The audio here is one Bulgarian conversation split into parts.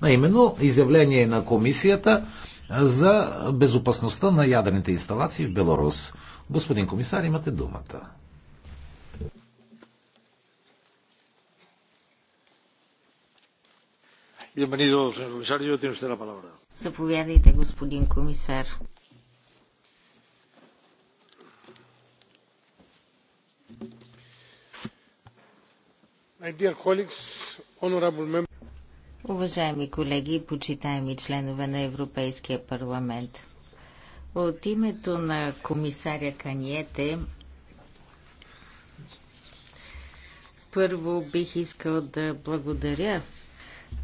а именно изявление на комисията за безопасността на ядрените инсталации в Беларус. Господин комисар, имате думата. Заповядайте, господин комисар. My dear colleagues, honorable members. Уважаеми колеги и почитаеми членове на Европейския парламент, от името на комисаря Каниете първо бих искал да благодаря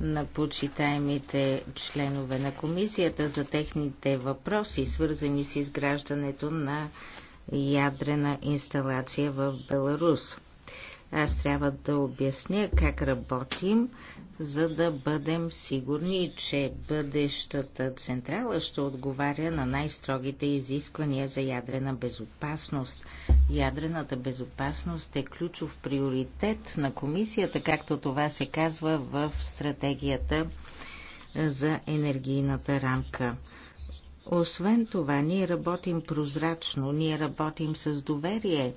на почитаемите членове на комисията за техните въпроси, свързани с изграждането на ядрена инсталация в Беларус. Аз трябва да обясня как работим за да бъдем сигурни, че бъдещата централа ще отговаря на най-строгите изисквания за ядрена безопасност. Ядрената безопасност е ключов приоритет на комисията, както това се казва в стратегията за енергийната рамка. Освен това, ние работим прозрачно, ние работим с доверие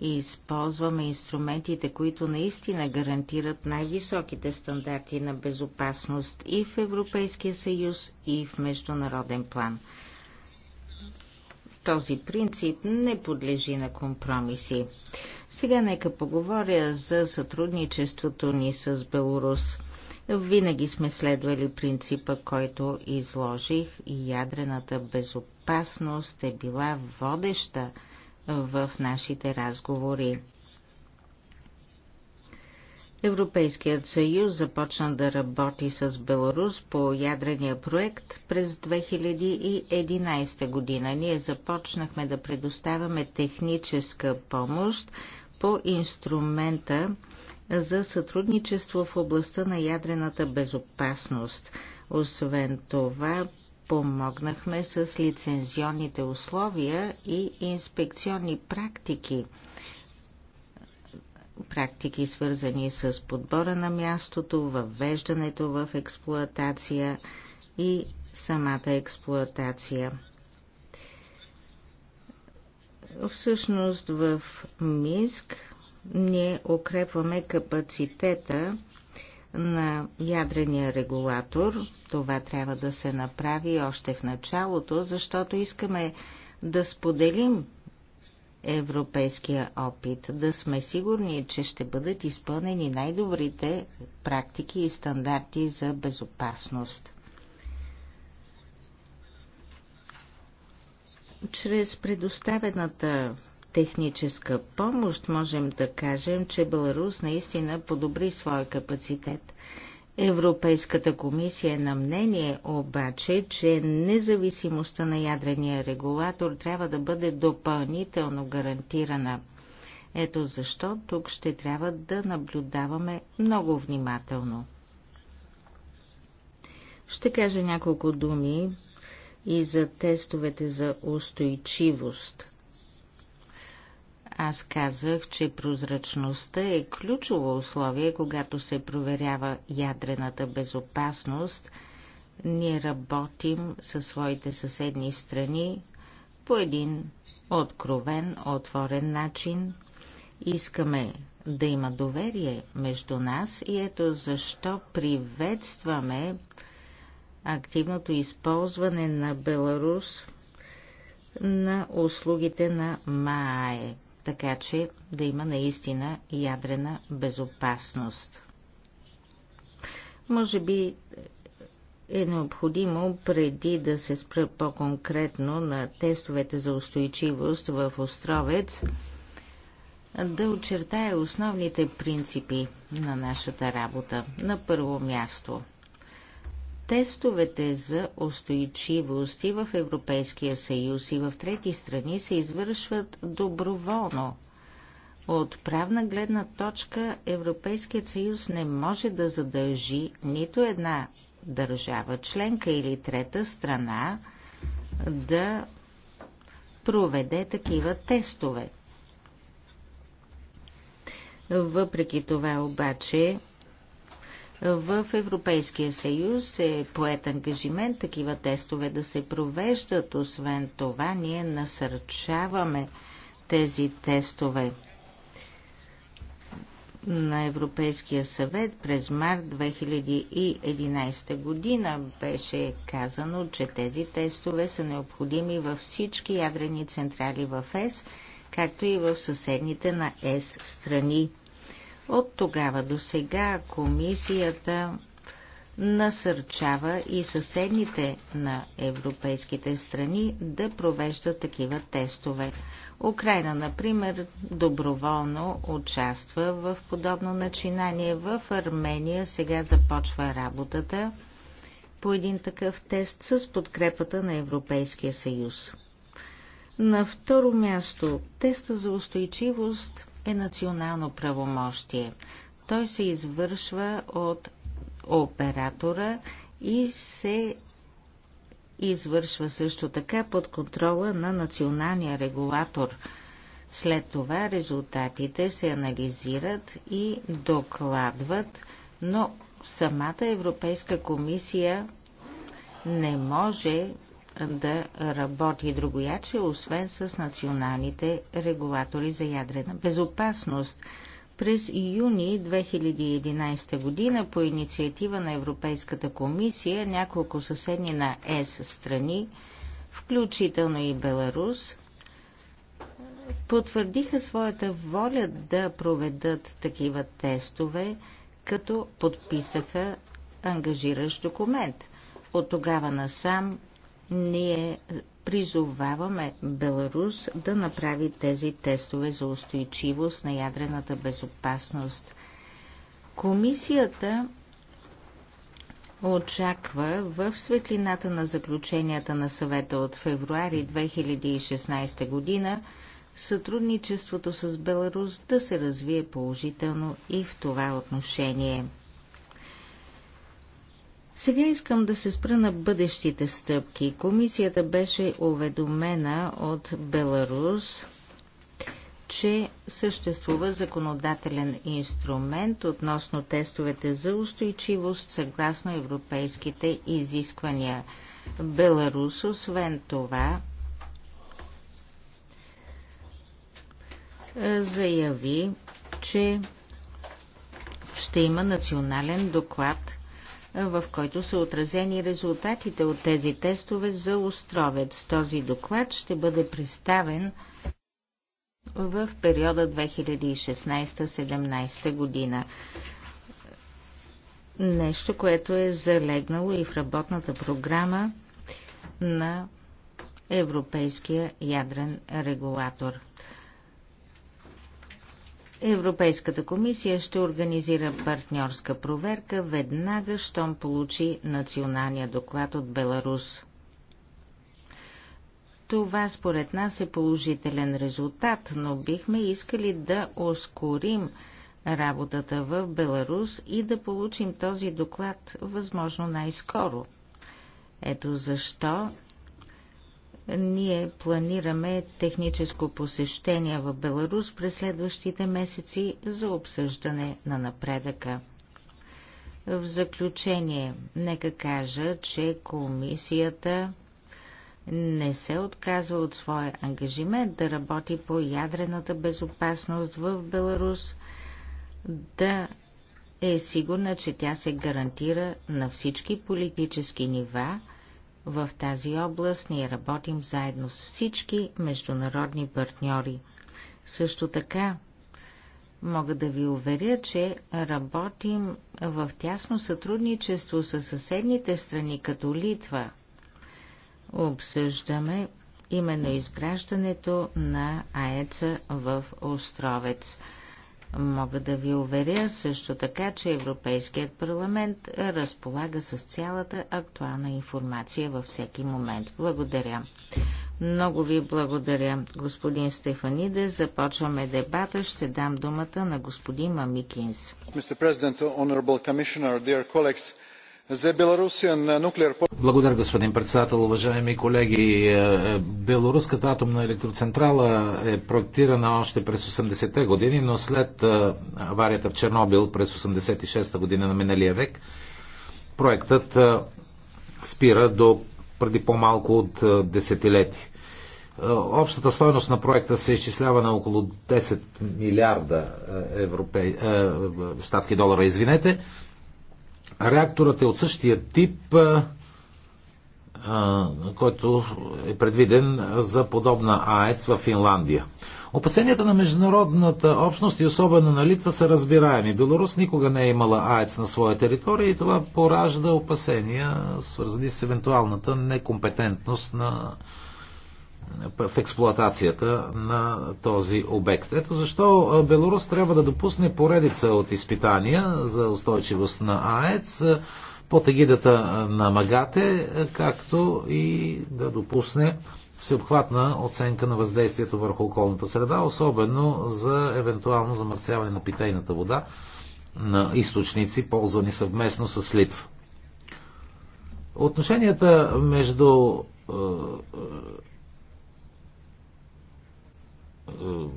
и използваме инструментите, които наистина гарантират най-високите стандарти на безопасност и в Европейския съюз, и в международен план. Този принцип не подлежи на компромиси. Сега нека поговоря за сътрудничеството ни с Беларус. Винаги сме следвали принципа, който изложих и ядрената безопасност е била водеща в нашите разговори. Европейският съюз започна да работи с Беларус по ядрения проект през 2011 година. Ние започнахме да предоставяме техническа помощ по инструмента за сътрудничество в областта на ядрената безопасност. Освен това, помогнахме с лицензионните условия и инспекционни практики. Практики свързани с подбора на мястото, въвеждането в експлоатация и самата експлоатация. Всъщност в Минск ние укрепваме капацитета на ядрения регулатор. Това трябва да се направи още в началото, защото искаме да споделим европейския опит, да сме сигурни, че ще бъдат изпълнени най-добрите практики и стандарти за безопасност. Чрез предоставената техническа помощ можем да кажем, че Беларус наистина подобри своя капацитет. Европейската комисия е на мнение обаче, че независимостта на ядрения регулатор трябва да бъде допълнително гарантирана. Ето защо тук ще трябва да наблюдаваме много внимателно. Ще кажа няколко думи и за тестовете за устойчивост. Аз казах, че прозрачността е ключово условие, когато се проверява ядрената безопасност. Ние работим със своите съседни страни по един откровен, отворен начин. Искаме да има доверие между нас и ето защо приветстваме активното използване на Беларус на услугите на МАЕ така че да има наистина ядрена безопасност. Може би е необходимо преди да се спра по-конкретно на тестовете за устойчивост в Островец, да очертая основните принципи на нашата работа. На първо място Тестовете за устойчивост и в Европейския съюз и в трети страни се извършват доброволно. От правна гледна точка Европейският съюз не може да задължи нито една държава членка или трета страна да проведе такива тестове. Въпреки това обаче в Европейския съюз е поет ангажимент такива тестове да се провеждат. Освен това, ние насърчаваме тези тестове на Европейския съвет през март 2011 година беше казано, че тези тестове са необходими във всички ядрени централи в ЕС, както и в съседните на ЕС страни. От тогава до сега комисията насърчава и съседните на европейските страни да провеждат такива тестове. Украина, например, доброволно участва в подобно начинание. В Армения сега започва работата по един такъв тест с подкрепата на Европейския съюз. На второ място, теста за устойчивост е национално правомощие. Той се извършва от оператора и се извършва също така под контрола на националния регулатор. След това резултатите се анализират и докладват, но самата Европейска комисия не може да работи другояче, освен с националните регулатори за ядрена безопасност. През юни 2011 година по инициатива на Европейската комисия няколко съседни на ЕС страни, включително и Беларус, потвърдиха своята воля да проведат такива тестове, като подписаха ангажиращ документ. От тогава насам ние призоваваме Беларус да направи тези тестове за устойчивост на ядрената безопасност. Комисията очаква в светлината на заключенията на съвета от февруари 2016 година сътрудничеството с Беларус да се развие положително и в това отношение. Сега искам да се спра на бъдещите стъпки. Комисията беше уведомена от Беларус, че съществува законодателен инструмент относно тестовете за устойчивост съгласно европейските изисквания. Беларус, освен това, заяви, че ще има национален доклад в който са отразени резултатите от тези тестове за Островец. Този доклад ще бъде представен в периода 2016-17 година. Нещо, което е залегнало и в работната програма на Европейския ядрен регулатор. Европейската комисия ще организира партньорска проверка веднага, щом получи националния доклад от Беларус. Това според нас е положителен резултат, но бихме искали да ускорим работата в Беларус и да получим този доклад възможно най-скоро. Ето защо ние планираме техническо посещение в Беларус през следващите месеци за обсъждане на напредъка. В заключение, нека кажа, че комисията не се отказва от своя ангажимент да работи по ядрената безопасност в Беларус, да е сигурна, че тя се гарантира на всички политически нива в тази област. Ние работим заедно с всички международни партньори. Също така мога да ви уверя, че работим в тясно сътрудничество с съседните страни, като Литва. Обсъждаме именно изграждането на АЕЦа в Островец. Мога да ви уверя също така, че Европейският парламент разполага с цялата актуална информация във всеки момент. Благодаря. Много ви благодаря, господин Стефаниде. Започваме дебата. Ще дам думата на господин Мамикинс. Господин президент, уважаеми commissioner, dear колеги, благодаря, господин председател. Уважаеми колеги, е, е, Белоруската атомна електроцентрала е проектирана още през 80-те години, но след е, аварията в Чернобил през 86-та година на миналия век, проектът спира до преди по-малко от десетилети. Общата стоеност на проекта се изчислява на около 10 милиарда европей... щатски долара, извинете, Реакторът е от същия тип, който е предвиден за подобна АЕЦ в Финландия. Опасенията на международната общност и особено на Литва са разбираеми. Беларус никога не е имала АЕЦ на своя територия и това поражда опасения, свързани с евентуалната некомпетентност на в експлоатацията на този обект. Ето защо Беларус трябва да допусне поредица от изпитания за устойчивост на АЕЦ под егидата на Магате, както и да допусне всеобхватна оценка на въздействието върху околната среда, особено за евентуално замърсяване на питейната вода на източници, ползвани съвместно с Литва. Отношенията между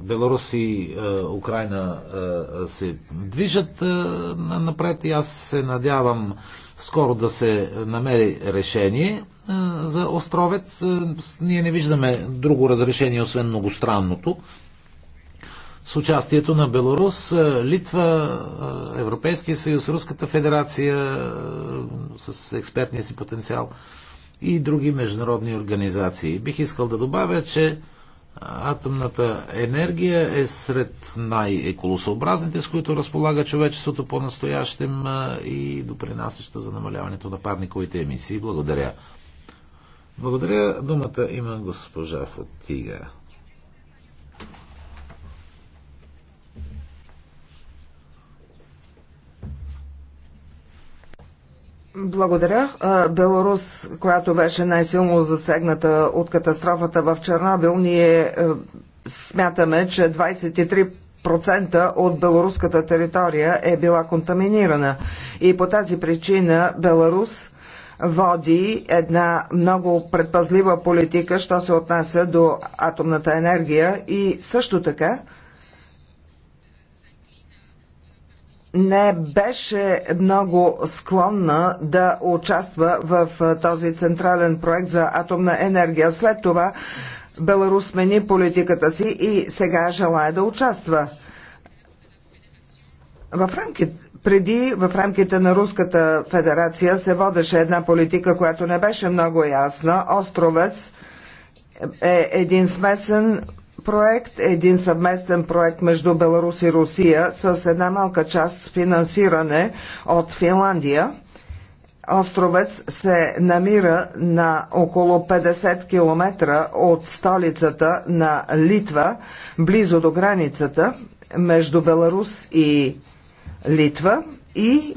Беларус и е, Украина е, се движат е, напред и аз се надявам скоро да се намери решение за Островец. Ние не виждаме друго разрешение, освен многостранното. С участието на Беларус, Литва, Европейския съюз, Руската федерация с експертния си потенциал и други международни организации. Бих искал да добавя, че Атомната енергия е сред най-еколосообразните, с които разполага човечеството по-настоящем и допринасяща за намаляването на парниковите емисии. Благодаря. Благодаря. Думата има госпожа Фатига. Благодаря. Беларус, която беше най-силно засегната от катастрофата в Чернобил, ние е, смятаме, че 23 от беларуската територия е била контаминирана. И по тази причина Беларус води една много предпазлива политика, що се отнася до атомната енергия и също така не беше много склонна да участва в този централен проект за атомна енергия. След това Беларус смени политиката си и сега желая да участва. В рамките преди в рамките на Руската федерация се водеше една политика, която не беше много ясна. Островец е един смесен проект, един съвместен проект между Беларус и Русия с една малка част с финансиране от Финландия. Островец се намира на около 50 км от столицата на Литва, близо до границата между Беларус и Литва и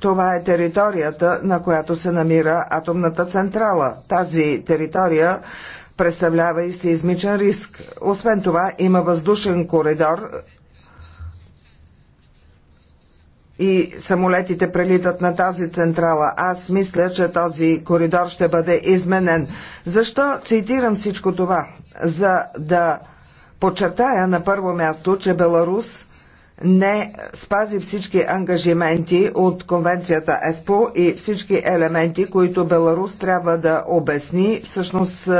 това е територията, на която се намира атомната централа. Тази територия представлява и сеизмичен риск. Освен това има въздушен коридор и самолетите прелитат на тази централа. Аз мисля, че този коридор ще бъде изменен. Защо цитирам всичко това? За да подчертая на първо място, че Беларус не спази всички ангажименти от конвенцията ЕСПО и всички елементи, които Беларус трябва да обясни. Всъщност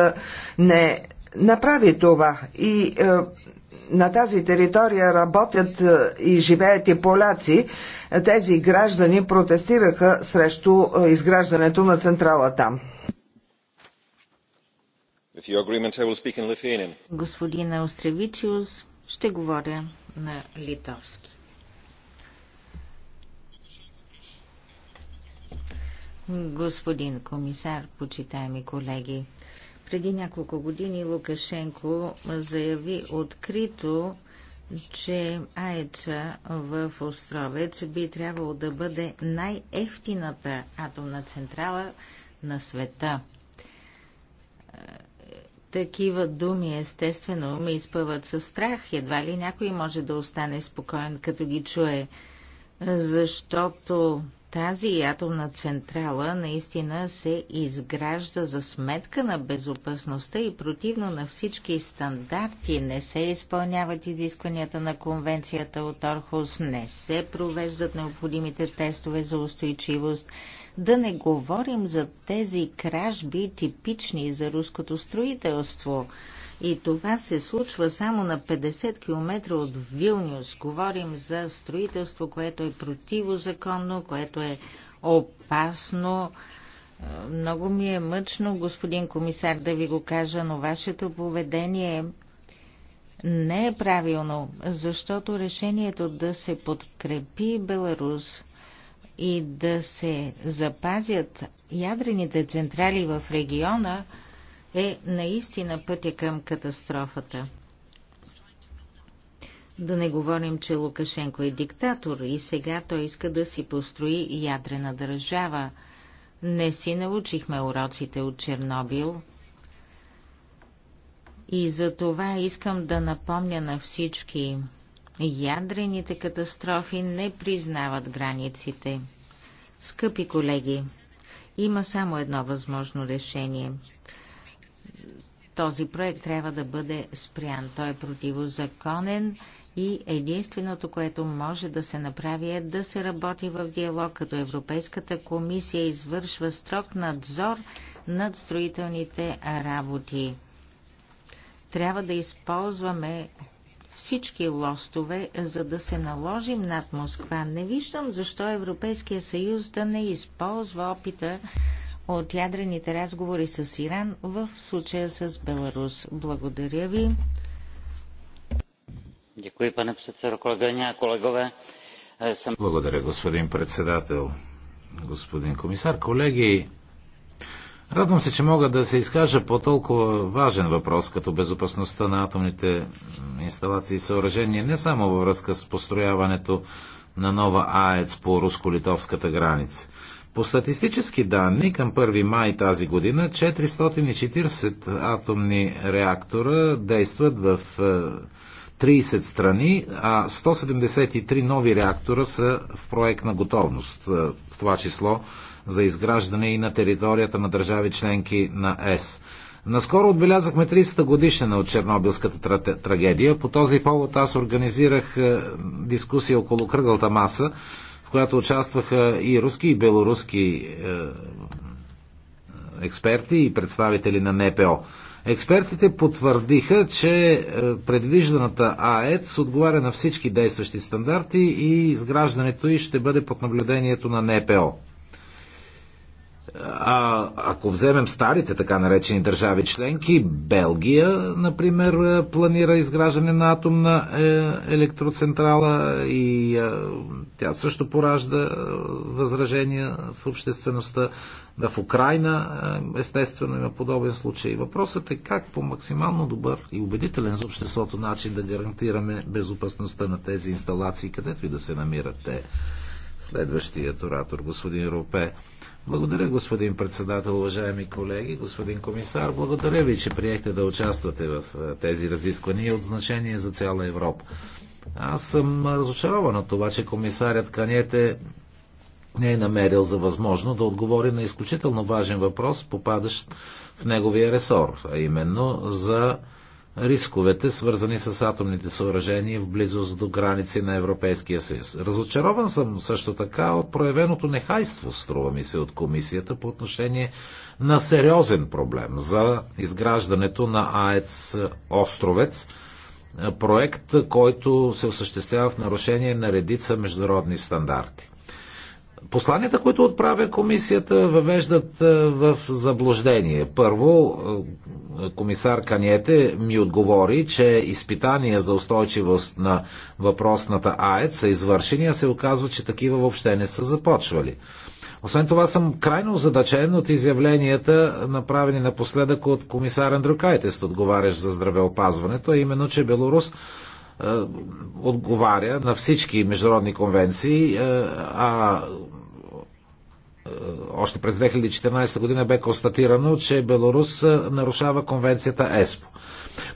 не направи това и е, на тази територия работят е, и живеят и поляци, тези граждани протестираха срещу е, изграждането на централа там. Господин Остревичиус, ще говоря на литовски. Господин комисар, почитаеми колеги, преди няколко години Лукашенко заяви открито, че АЕЦа в Островец би трябвало да бъде най-ефтината атомна централа на света. Е, такива думи, естествено, ме изпъват със страх. Едва ли някой може да остане спокоен, като ги чуе, защото тази атомна централа наистина се изгражда за сметка на безопасността и противно на всички стандарти. Не се изпълняват изискванията на конвенцията от Орхус, не се провеждат необходимите тестове за устойчивост, да не говорим за тези кражби, типични за руското строителство. И това се случва само на 50 км от Вилнюс. Говорим за строителство, което е противозаконно, което е опасно. Е, много ми е мъчно, господин комисар, да ви го кажа, но вашето поведение не е правилно, защото решението да се подкрепи Беларус и да се запазят ядрените централи в региона е наистина пътя към катастрофата. Да не говорим, че Лукашенко е диктатор и сега той иска да си построи ядрена държава. Не си научихме уроците от Чернобил. И за това искам да напомня на всички Ядрените катастрофи не признават границите. Скъпи колеги, има само едно възможно решение. Този проект трябва да бъде спрян. Той е противозаконен и единственото, което може да се направи е да се работи в диалог, като Европейската комисия извършва строг надзор над строителните работи. Трябва да използваме всички лостове, за да се наложим над Москва. Не виждам защо Европейския съюз да не използва опита от ядрените разговори с Иран в случая с Беларус. Благодаря ви. Благодаря, господин председател, господин комисар. Колеги, Радвам се, че мога да се изкажа по толкова важен въпрос, като безопасността на атомните инсталации и съоръжения, не само във връзка с построяването на нова АЕЦ по руско-литовската граница. По статистически данни към 1 май тази година 440 атомни реактора действат в 30 е, страни, а 173 нови реактора са в проект на готовност, е, в това число за изграждане и на територията на държави членки на ЕС. Наскоро отбелязахме 30-та годишна от Чернобилската трагедия. По този повод аз организирах е, дискусия около кръгълта маса, в която участваха и руски, и белоруски е, експерти и представители на НПО. Експертите потвърдиха, че е, предвижданата АЕЦ отговаря на всички действащи стандарти и изграждането й ще бъде под наблюдението на НПО. А, ако вземем старите така наречени държави членки, Белгия, например, е, планира изграждане на атомна е, електроцентрала и е, тя също поражда възражения в обществеността. Да, в Украина, естествено, има подобен случай. Въпросът е как по максимално добър и убедителен за обществото начин да гарантираме безопасността на тези инсталации, където и да се намират те. Следващият оратор, господин Ропе. Благодаря, господин председател, уважаеми колеги, господин комисар. Благодаря ви, че приехте да участвате в е, тези разисквания от значение за цяла Европа. Аз съм разочарован от това, че комисарят Канете не е намерил за възможно да отговори на изключително важен въпрос, попадащ в неговия ресор, а именно за рисковете, свързани с атомните съоръжения в близост до граници на Европейския съюз. Разочарован съм също така от проявеното нехайство, струва ми се, от комисията по отношение на сериозен проблем за изграждането на АЕЦ Островец, проект, който се осъществява в нарушение на редица международни стандарти. Посланията, които отправя комисията, въвеждат е, в заблуждение. Първо, е, комисар Каниете ми отговори, че изпитания за устойчивост на въпросната АЕЦ са извършени, а се оказва, че такива въобще не са започвали. Освен това съм крайно озадачен от изявленията, направени напоследък от комисар Андрюкайтест, отговарящ за здравеопазването, а именно, че Беларус е, отговаря на всички международни конвенции, а е, още през 2014 година бе констатирано, че Беларус е, нарушава конвенцията ЕСПО.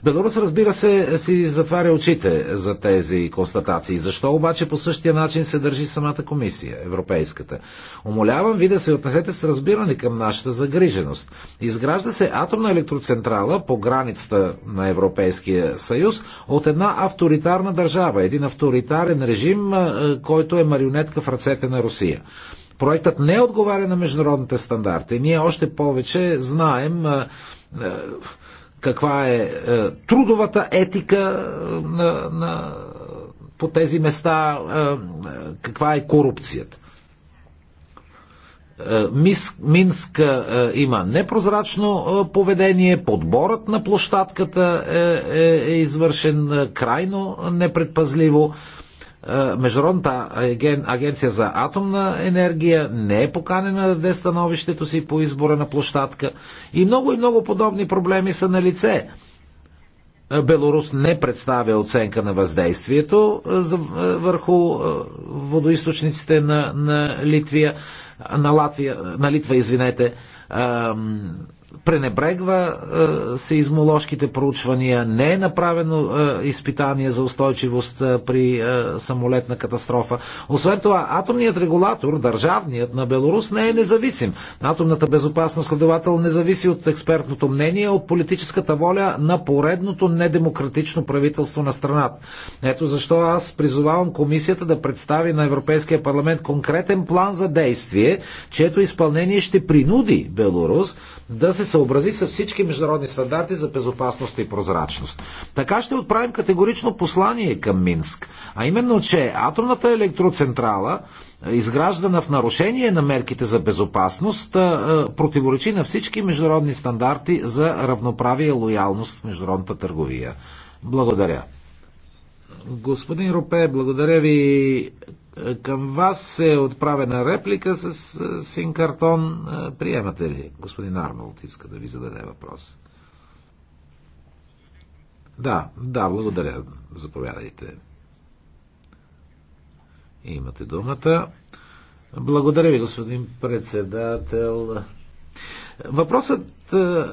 Беларус, разбира се, си затваря очите за тези констатации. Защо обаче по същия начин се държи самата комисия, европейската? Умолявам ви да се отнесете с разбиране към нашата загриженост. Изгражда се атомна електроцентрала по границата на Европейския съюз от една авторитарна държава, един авторитарен режим, е, който е марионетка в ръцете на Русия. Проектът не отговаря на международните стандарти. Ние още повече знаем каква е трудовата етика на, на, по тези места, каква е корупцията. Минск има непрозрачно поведение, подборът на площадката е, е, е извършен крайно непредпазливо. Е, Международната агенция за атомна енергия не е поканена да даде становището си по избора на площадка. И много и много подобни проблеми са на лице. Е, Беларус не представя оценка на въздействието е, върху водоисточниците на, на Литвия, на Латвия, на Литва, извинете пренебрегва е, сейзмоложките проучвания, не е направено е, изпитание за устойчивост е, при е, самолетна катастрофа. Освен това, атомният регулатор, държавният на Беларус, не е независим. Атомната безопасност, следовател, не зависи от експертното мнение, от политическата воля на поредното недемократично правителство на страната. Ето защо аз призовавам комисията да представи на Европейския парламент конкретен план за действие, чието изпълнение ще принуди Беларус да се съобрази с всички международни стандарти за безопасност и прозрачност. Така ще отправим категорично послание към Минск, а именно, че атомната електроцентрала, е, изграждана в нарушение на мерките за безопасност, е, е, противоречи на всички международни стандарти за равноправие и лоялност в международната търговия. Благодаря. Господин Рупе, благодаря ви. Към вас се е отправена реплика с е, син картон. Е, приемате ли? Господин Арнолд иска да ви зададе въпрос. Да, да, благодаря. Заповядайте. Имате думата. Благодаря ви, господин председател. Въпросът е,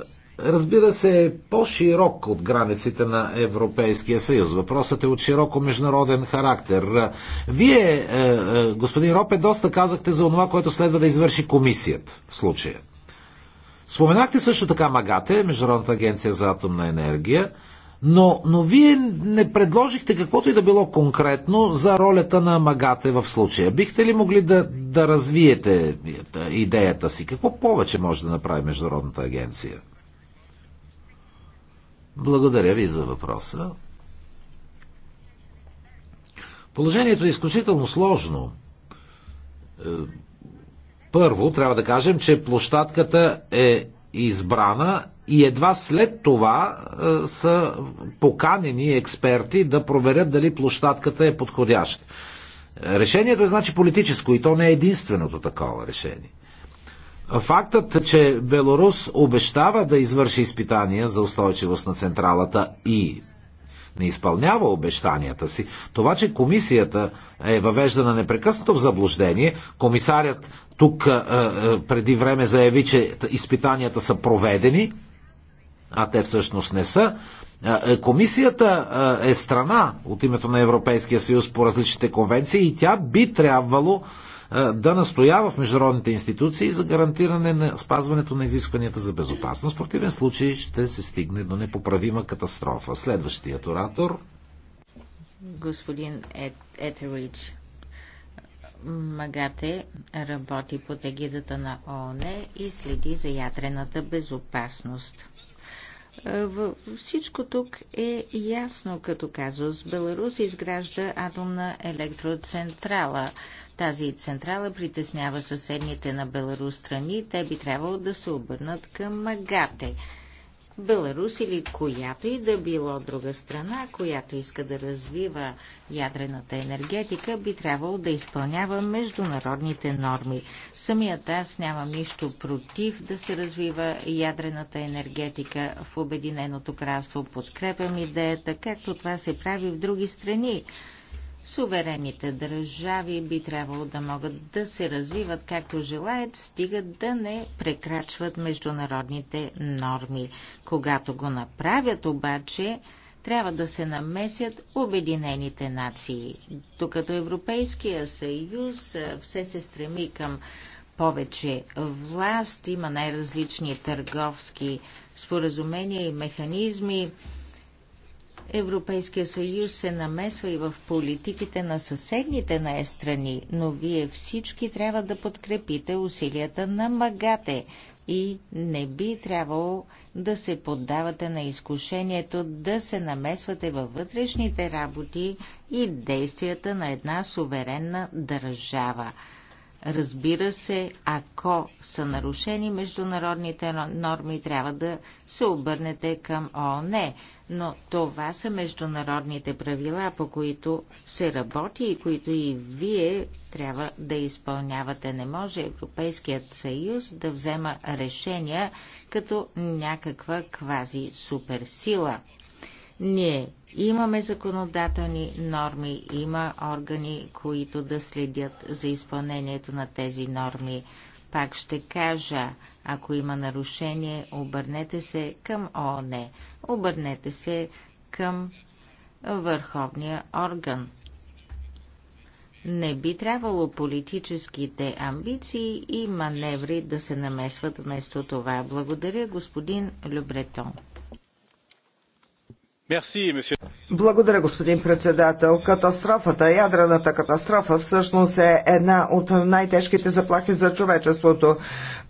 разбира се, е по-широк от границите на Европейския съюз. Въпросът е от широко международен характер. Вие, е, е, господин Ропе, доста казахте за това, което следва да извърши комисията в случая. Споменахте също така МАГАТЕ, Международната агенция за атомна енергия, но, но вие не предложихте каквото и да било конкретно за ролята на МАГАТЕ в случая. Бихте ли могли да, да развиете идеята си? Какво повече може да направи Международната агенция? Благодаря ви за въпроса. Положението е изключително сложно. Е, първо, трябва да кажем, че площадката е избрана и едва след това е, са поканени експерти да проверят дали площадката е подходяща. Решението е значи политическо и то не е единственото такова решение. Фактът, че Белорус обещава да извърши изпитания за устойчивост на централата и не изпълнява обещанията си. Това, че комисията е въвеждана непрекъснато в заблуждение, комисарят тук е, е, преди време заяви, че изпитанията са проведени, а те всъщност не са. Е, комисията е страна от името на Европейския съюз по различните конвенции и тя би трябвало да настоява в международните институции за гарантиране на спазването на изискванията за безопасност. В противен случай ще се стигне до непоправима катастрофа. Следващият оратор. Господин Ет, Етерич, Магате работи под егидата на ООН и следи за ядрената безопасност. Всичко тук е ясно като казус. Беларус изгражда атомна електроцентрала. Тази централа притеснява съседните на Беларус страни. Те би трябвало да се обърнат към Магате. Беларус или която и да било друга страна, която иска да развива ядрената енергетика, би трябвало да изпълнява международните норми. Самият аз нямам нищо против да се развива ядрената енергетика в Обединеното кралство. Подкрепям идеята, както това се прави в други страни. Суверените държави би трябвало да могат да се развиват както желаят, стигат да не прекрачват международните норми. Когато го направят обаче, трябва да се намесят Обединените нации. Докато Европейския съюз все се стреми към повече власт, има най-различни търговски споразумения и механизми, Европейския съюз се намесва и в политиките на съседните на е страни, но вие всички трябва да подкрепите усилията на магате и не би трябвало да се поддавате на изкушението да се намесвате във вътрешните работи и действията на една суверенна държава. Разбира се, ако са нарушени международните норми, трябва да се обърнете към ООН. Но това са международните правила, по които се работи и които и вие трябва да изпълнявате. Не може Европейският съюз да взема решения като някаква квази суперсила. Ние Имаме законодателни норми, има органи, които да следят за изпълнението на тези норми. Пак ще кажа, ако има нарушение, обърнете се към ООН, обърнете се към върховния орган. Не би трябвало политическите амбиции и маневри да се намесват вместо това. Благодаря, господин Любретон. Благодаря, господин председател. Катастрофата, ядрената катастрофа всъщност е една от най-тежките заплахи за човечеството.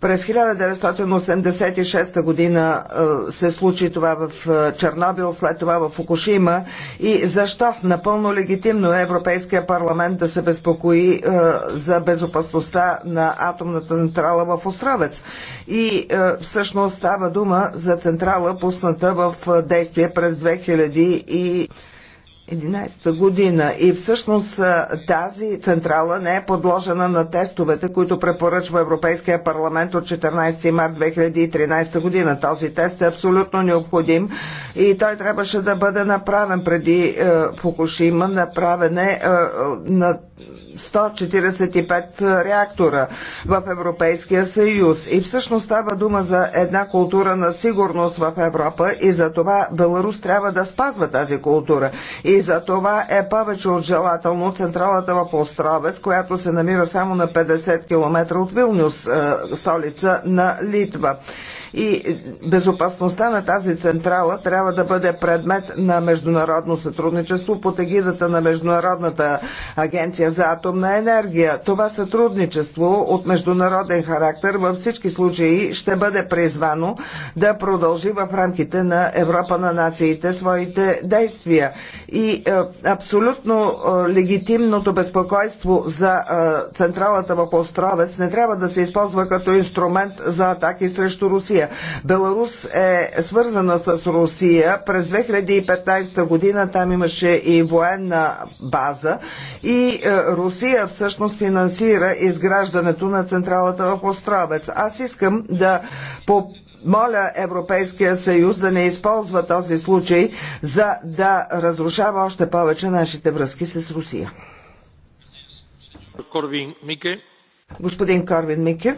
През 1986 година е, се случи това в е, Чернобил, след това в Фукушима и защо напълно легитимно е Европейския парламент да се безпокои е, за безопасността на атомната централа в Островец. И всъщност става дума за централа пусната в действие през 2000 и 2011 година и всъщност тази централа не е подложена на тестовете, които препоръчва Европейския парламент от 14 март 2013 година. Този тест е абсолютно необходим и той трябваше да бъде направен преди е, Фукушима. Направен е на 145 реактора в Европейския съюз. И всъщност става дума за една култура на сигурност в Европа и за това Беларус трябва да спазва тази култура. И за това е повече от желателно централата в Островец, която се намира само на 50 км от Вилнюс, е, столица на Литва и безопасността на тази централа трябва да бъде предмет на международно сътрудничество под егидата на Международната агенция за атомна енергия. Това сътрудничество от международен характер във всички случаи ще бъде призвано да продължи в рамките на Европа на нациите своите действия. И е, абсолютно е, легитимното безпокойство за е, централата в Островец не трябва да се използва като инструмент за атаки срещу Русия. Русия. Беларус е свързана с Русия. През 2015 година там имаше и военна база и е, Русия всъщност финансира изграждането на централата в Островец. Аз искам да по моля Европейския съюз да не използва този случай, за да разрушава още повече нашите връзки с Русия. Корвин Мике. Господин Корвин Мике.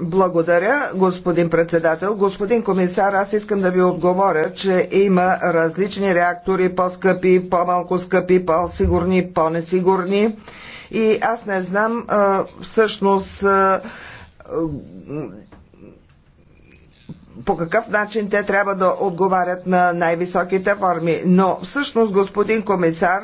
Благодаря, господин председател. Господин комисар, аз искам да ви отговоря, че има различни реактори, по-скъпи, по-малко скъпи, по-сигурни, по-несигурни. И аз не знам а, всъщност. А, по какъв начин те трябва да отговарят на най-високите форми. Но всъщност, господин комисар,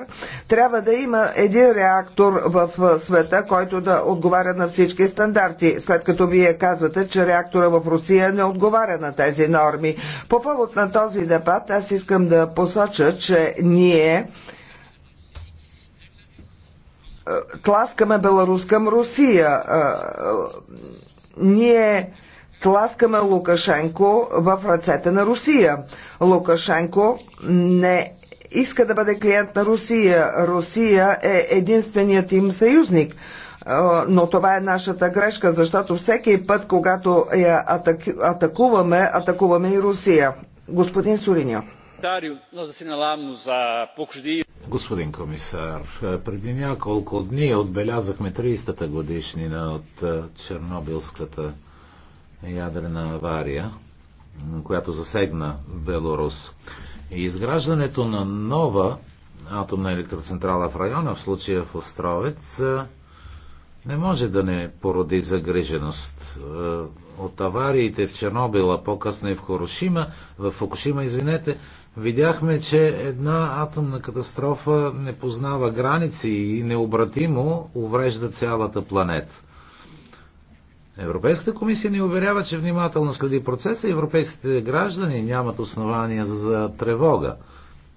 трябва да има един реактор в света, който да отговаря на всички стандарти, след като вие казвате, че реактора в Русия не отговаря на тези норми. По повод на този дебат аз искам да посоча, че ние тласкаме Беларус към Русия. Ние тласкаме Лукашенко в ръцете на Русия. Лукашенко не иска да бъде клиент на Русия. Русия е единственият им съюзник но това е нашата грешка, защото всеки път, когато я атакуваме, атакуваме и Русия. Господин Сориньо. Господин комисар, преди няколко дни отбелязахме 30-та годишнина от Чернобилската ядрена авария, която засегна Белорус. И изграждането на нова атомна електроцентрала в района, в случая в Островец, е, не може да не породи загриженост. Е, от авариите в Чернобила, по-късно и в Хорошима, в Фукушима, извинете, видяхме, че една атомна катастрофа не познава граници и необратимо уврежда цялата планета. Европейската комисия ни уверява, че внимателно следи процеса и европейските граждани нямат основания за тревога.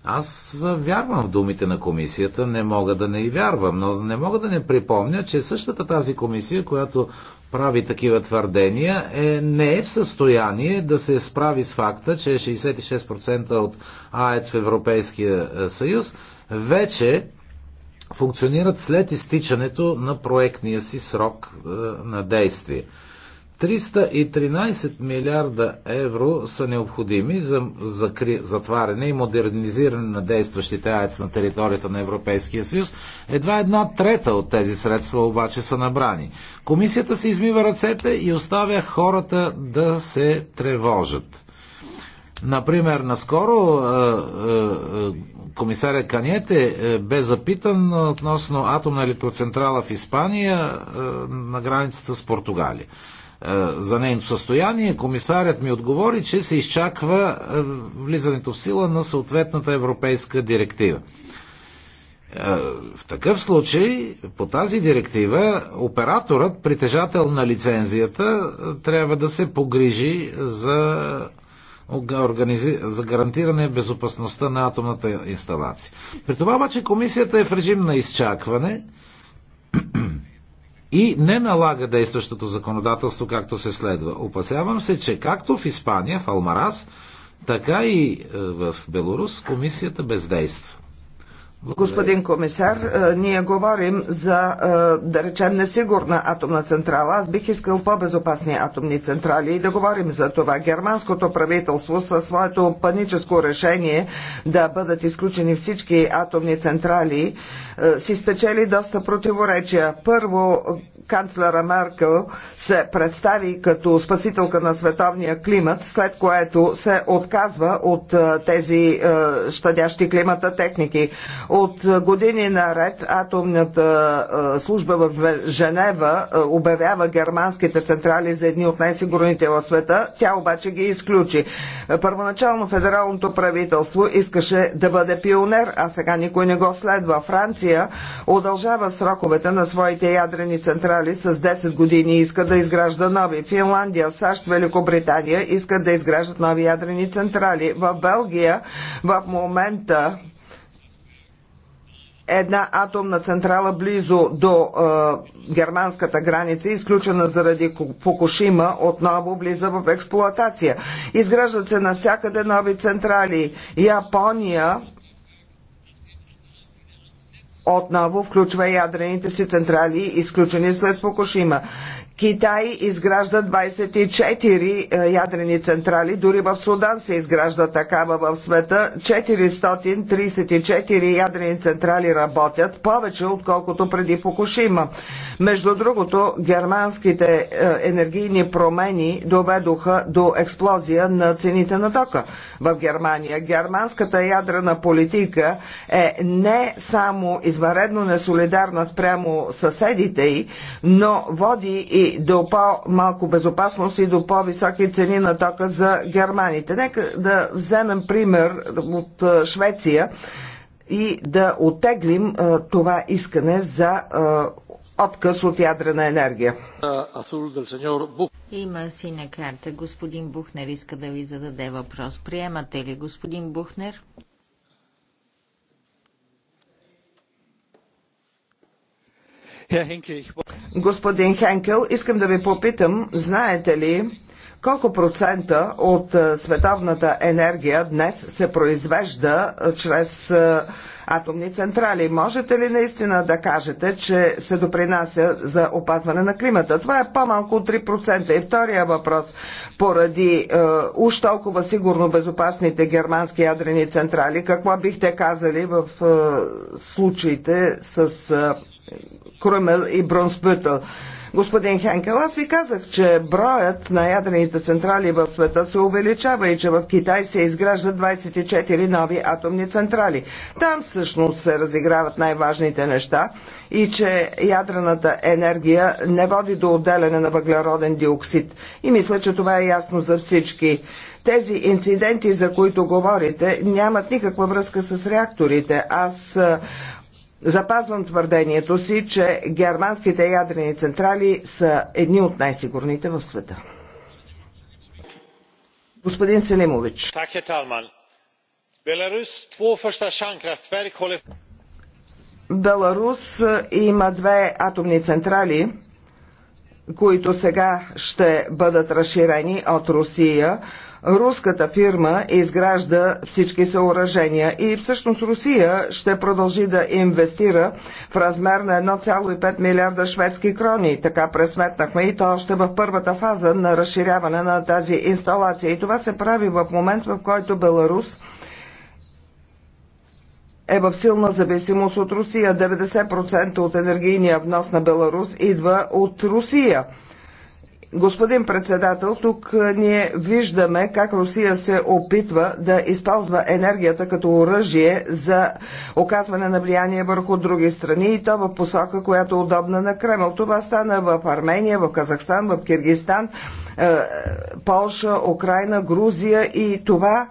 Аз вярвам в думите на комисията, не мога да не и вярвам, но не мога да не припомня, че същата тази комисия, която прави такива твърдения, е, не е в състояние да се справи с факта, че 66% от АЕЦ в Европейския е, съюз вече функционират след изтичането на проектния си срок е, на действие. 313 милиарда евро са необходими за затваряне и модернизиране на действащите АЕЦ на територията на Европейския съюз. Едва една трета от тези средства обаче са набрани. Комисията се измива ръцете и оставя хората да се тревожат. Например, наскоро е, е, е, комисаря Каньете бе запитан относно атомна електроцентрала в Испания на границата с Португалия. За нейното състояние комисарят ми отговори, че се изчаква влизането в сила на съответната европейска директива. В такъв случай, по тази директива, операторът, притежател на лицензията, трябва да се погрижи за за гарантиране безопасността на атомната инсталация. При това обаче комисията е в режим на изчакване и не налага действащото законодателство както се следва. Опасявам се, че както в Испания, в Алмарас, така и е, в Беларус комисията бездейства. Господин комисар, е, ние говорим за, е, да речем, несигурна атомна централа. Аз бих искал по-безопасни атомни централи и да говорим за това. Германското правителство със своето паническо решение да бъдат изключени всички атомни централи е, си спечели доста противоречия. Първо, канцлера Меркел се представи като спасителка на световния климат, след което се отказва от тези щадящи климата техники. От години наред атомната служба в Женева обявява германските централи за едни от най-сигурните в света, тя обаче ги изключи. Първоначално федералното правителство искаше да бъде пионер, а сега никой не го следва. Франция удължава сроковете на своите ядрени централи с 10 години и иска да изгражда нови. Финландия, САЩ, Великобритания искат да изграждат нови ядрени централи. В Белгия в момента една атомна централа близо до е, германската граница, изключена заради Покушима, отново влиза в експлоатация. Изграждат се навсякъде нови централи. Япония отново включва ядрените си централи, изключени след Покушима. Китай изгражда 24 е, ядрени централи, дори в Судан се изгражда такава в света. 434 ядрени централи работят, повече отколкото преди Фукушима. Между другото, германските е, енергийни промени доведоха до експлозия на цените на тока в Германия. Германската ядрена политика е не само изваредно несолидарна спрямо съседите й, но води и до по-малко безопасност и до по-високи цени на тока за германите. Нека да вземем пример от Швеция и да отеглим това искане за отказ от ядрена енергия. Има си на карта. Господин Бухнер иска да ви зададе въпрос. Приемате ли, господин Бухнер? Господин Хенкел, искам да ви попитам, знаете ли колко процента от световната енергия днес се произвежда чрез атомни централи. Можете ли наистина да кажете, че се допринася за опазване на климата? Това е по-малко от 3%. И втория въпрос. Поради е, уж толкова сигурно безопасните германски ядрени централи, какво бихте казали в е, случаите с е, Крумел и Бронспютъл? Господин Хенкел, аз ви казах, че броят на ядрените централи в света се увеличава и че в Китай се изграждат 24 нови атомни централи. Там всъщност се разиграват най-важните неща и че ядрената енергия не води до отделяне на въглероден диоксид. И мисля, че това е ясно за всички. Тези инциденти, за които говорите, нямат никаква връзка с реакторите. Аз Запазвам твърдението си, че германските ядрени централи са едни от най-сигурните в света. Господин Селимович. Беларус е, има две атомни централи, които сега ще бъдат разширени от Русия руската фирма изгражда всички съоръжения и всъщност Русия ще продължи да инвестира в размер на 1,5 милиарда шведски крони. Така пресметнахме и то още в първата фаза на разширяване на тази инсталация. И това се прави в момент, в който Беларус е в силна зависимост от Русия. 90% от енергийния внос на Беларус идва от Русия. Господин председател, тук ние виждаме как Русия се опитва да използва енергията като оръжие за оказване на влияние върху други страни и то в посока, която е удобна на Кремъл. Това стана в Армения, в Казахстан, в Киргистан, Полша, Украина, Грузия и това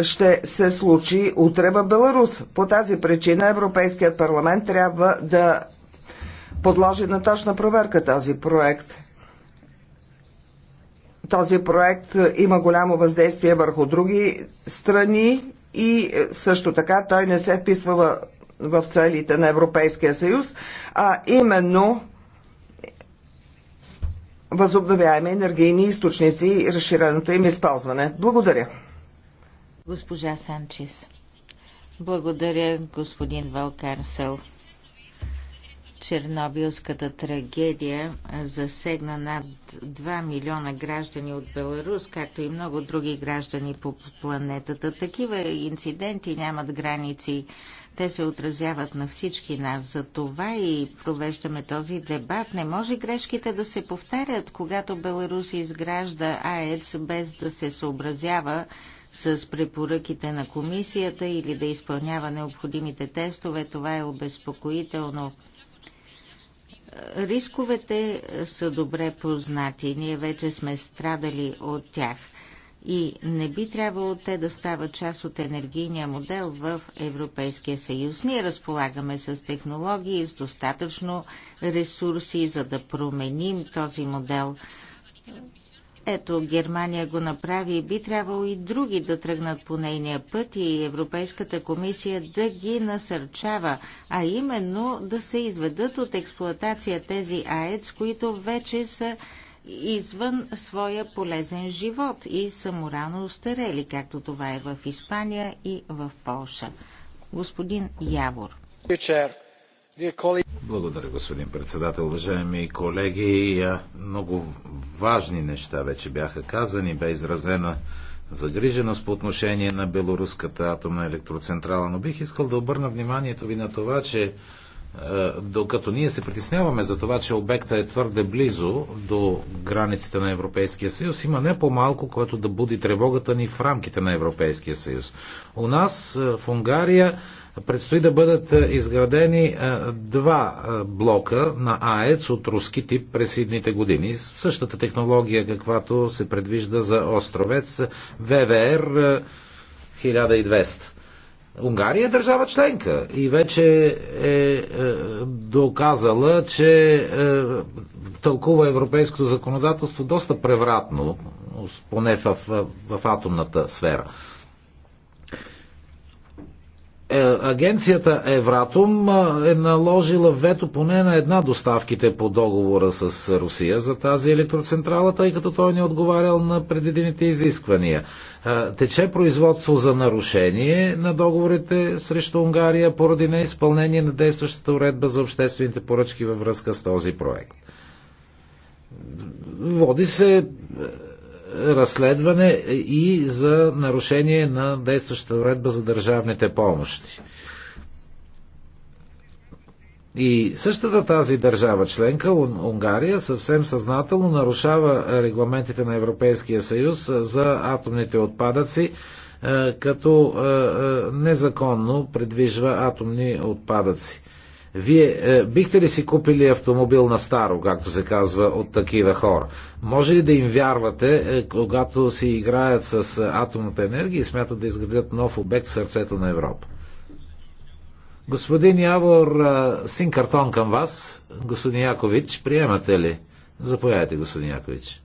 ще се случи утре в Беларус. По тази причина Европейският парламент трябва да подложи на точна проверка този проект този проект е, има голямо въздействие върху други страни и е, също така той не се вписва в, целите на Европейския съюз, а именно възобновяеми енергийни източници и разширеното им използване. Благодаря. Госпожа Санчис. Благодаря, господин Валкарсел. Чернобилската трагедия засегна над 2 милиона граждани от Беларус, както и много други граждани по планетата. Такива инциденти нямат граници. Те се отразяват на всички нас. За това и провеждаме този дебат. Не може грешките да се повтарят, когато Беларус изгражда АЕЦ без да се съобразява с препоръките на комисията или да изпълнява необходимите тестове. Това е обезпокоително. Рисковете е, са добре познати. Ние вече сме страдали от тях. И не би трябвало те да стават част от енергийния модел в Европейския съюз. Ние разполагаме с технологии, с достатъчно ресурси, за да променим този модел. Ето, Германия го направи и би трябвало и други да тръгнат по нейния път и Европейската комисия да ги насърчава, а именно да се изведат от експлоатация тези АЕЦ, които вече са извън своя полезен живот и са морално устарели, както това е в Испания и в Полша. Господин Явор. Благодаря, господин председател. Уважаеми колеги, много важни неща вече бяха казани. Бе изразена загриженост по отношение на белоруската атомна електроцентрала, но бих искал да обърна вниманието ви на това, че е, докато ние се притесняваме за това, че обекта е твърде близо до границите на Европейския съюз, има не по-малко, което да буди тревогата ни в рамките на Европейския съюз. У нас е, в Унгария Предстои да бъдат изградени два блока на АЕЦ от руски тип през идните години. Същата технология, каквато се предвижда за островец ВВР 1200. Унгария е държава членка и вече е, е доказала, че е, тълкува европейското законодателство доста превратно, поне в, в, в атомната сфера. Е, агенцията Евратом е наложила вето поне на една доставките по договора с Русия за тази електроцентрала, тъй като той не е отговарял на предвидените изисквания. Тече производство за нарушение на договорите срещу Унгария поради неизпълнение на действащата уредба за обществените поръчки във връзка с този проект. Води се разследване и за нарушение на действащата уредба за държавните помощи. И същата тази държава членка, Унгария, съвсем съзнателно нарушава регламентите на Европейския съюз за атомните отпадъци, е, като е, е, незаконно предвижва атомни отпадъци. Вие е, бихте ли си купили автомобил на старо, както се казва, от такива хора? Може ли да им вярвате, е, когато си играят с е, атомната енергия и смятат да изградят нов обект в сърцето на Европа? Господин Явор, е, син картон към вас. Господин Якович, приемате ли? Заповядайте, господин Якович.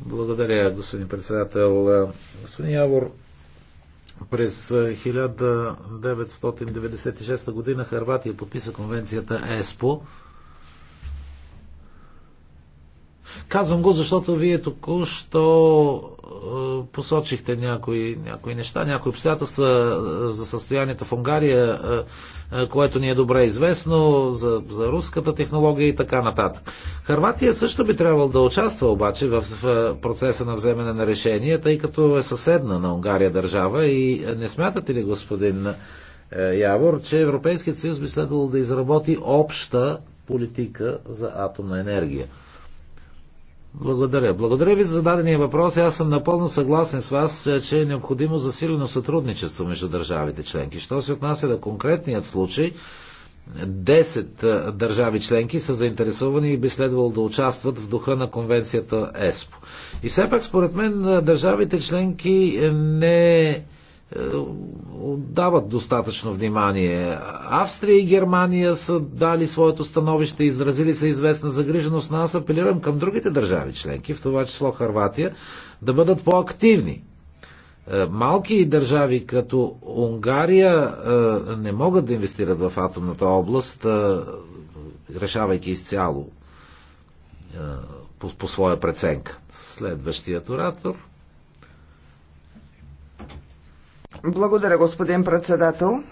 Благодаря, господин председател. Е, господин Явор, през 1996 година Харватия подписа конвенцията ЕСПО. Казвам го, защото вие току-що е, посочихте някои, някои неща, някои обстоятелства е, за състоянието в Унгария, е, което ни е добре известно, за, за руската технология и така нататък. Харватия също би трябвало да участва обаче в процеса на вземане на решения, тъй като е съседна на Унгария държава и не смятате ли, господин Явор, че Европейският съюз би следвало да изработи обща политика за атомна енергия? Благодаря. Благодаря ви за зададения въпрос. Аз съм напълно съгласен с вас, е, че е необходимо засилено сътрудничество между държавите членки. Що се отнася до конкретният случай, 10 е, държави членки са заинтересовани и би следвало да участват в духа на конвенцията ЕСПО. И все пак, според мен, е, държавите членки не е, отдават достатъчно внимание. Австрия и Германия са дали своето становище, изразили са известна загриженост, но аз апелирам към другите държави членки, в това число Харватия, да бъдат по-активни. Е, малки държави като Унгария е, не могат да инвестират в атомната област, решавайки изцяло по, по своя преценка. Следващият оратор – благодаря, господин председател.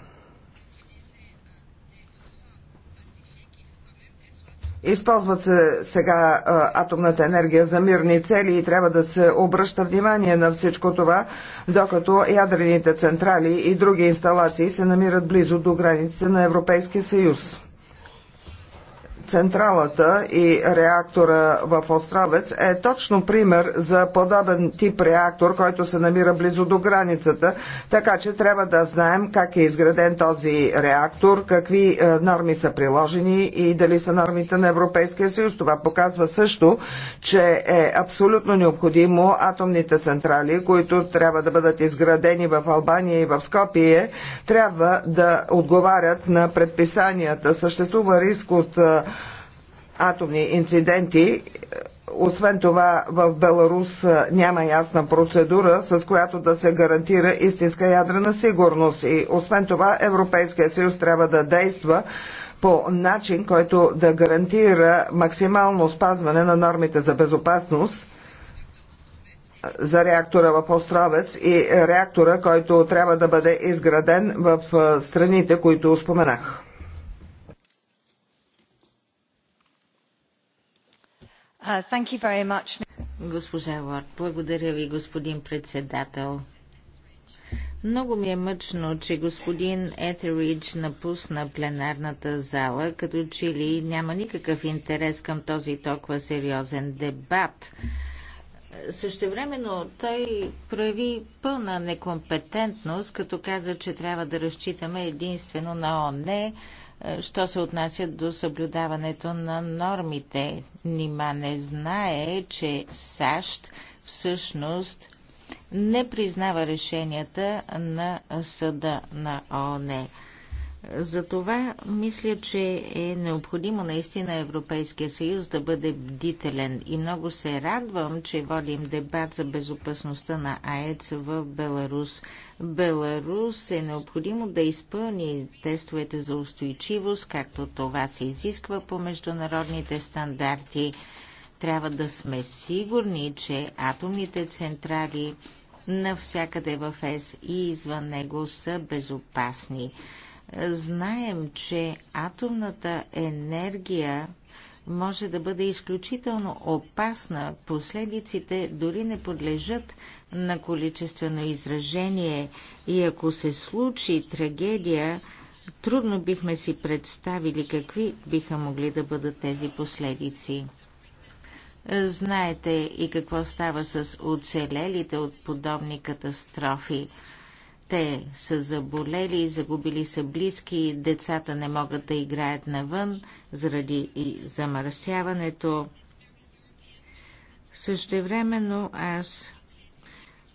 Използват се сега а, атомната енергия за мирни цели и трябва да се обръща внимание на всичко това, докато ядрените централи и други инсталации се намират близо до границите на Европейския съюз централата и реактора в Островец е точно пример за подобен тип реактор, който се намира близо до границата, така че трябва да знаем как е изграден този реактор, какви е, норми са приложени и дали са нормите на Европейския съюз. Това показва също, че е абсолютно необходимо атомните централи, които трябва да бъдат изградени в Албания и в Скопие, трябва да отговарят на предписанията. Съществува риск от е, атомни инциденти. Освен това, в Беларус няма ясна процедура, с която да се гарантира истинска ядрена сигурност. И освен това, Европейския съюз трябва да действа по начин, който да гарантира максимално спазване на нормите за безопасност за реактора в Островец и реактора, който трябва да бъде изграден в страните, които споменах. Uh, Госпожа Лорд, благодаря ви, господин председател. Много ми е мъчно, че господин Етеридж напусна пленарната зала, като че ли няма никакъв интерес към този толкова сериозен дебат. времено той прояви пълна некомпетентност, като каза, че трябва да разчитаме единствено на ОНЕ, е, що се отнася до съблюдаването на нормите. Нима не знае, че САЩ всъщност не признава решенията на съда на ОНЕ? Затова мисля, че е необходимо наистина Европейския съюз да бъде бдителен и много се радвам, че водим дебат за безопасността на АЕЦ в Беларус. Беларус е необходимо да изпълни тестовете за устойчивост, както това се изисква по международните стандарти. Трябва да сме сигурни, че атомните централи навсякъде в ЕС и извън него са безопасни. Знаем, че атомната енергия може да бъде изключително опасна. Последиците дори не подлежат на количествено изражение и ако се случи трагедия, трудно бихме си представили какви биха могли да бъдат тези последици. Знаете и какво става с оцелелите от подобни катастрофи. Те са заболели, загубили са близки, децата не могат да играят навън заради и замърсяването. Същевременно аз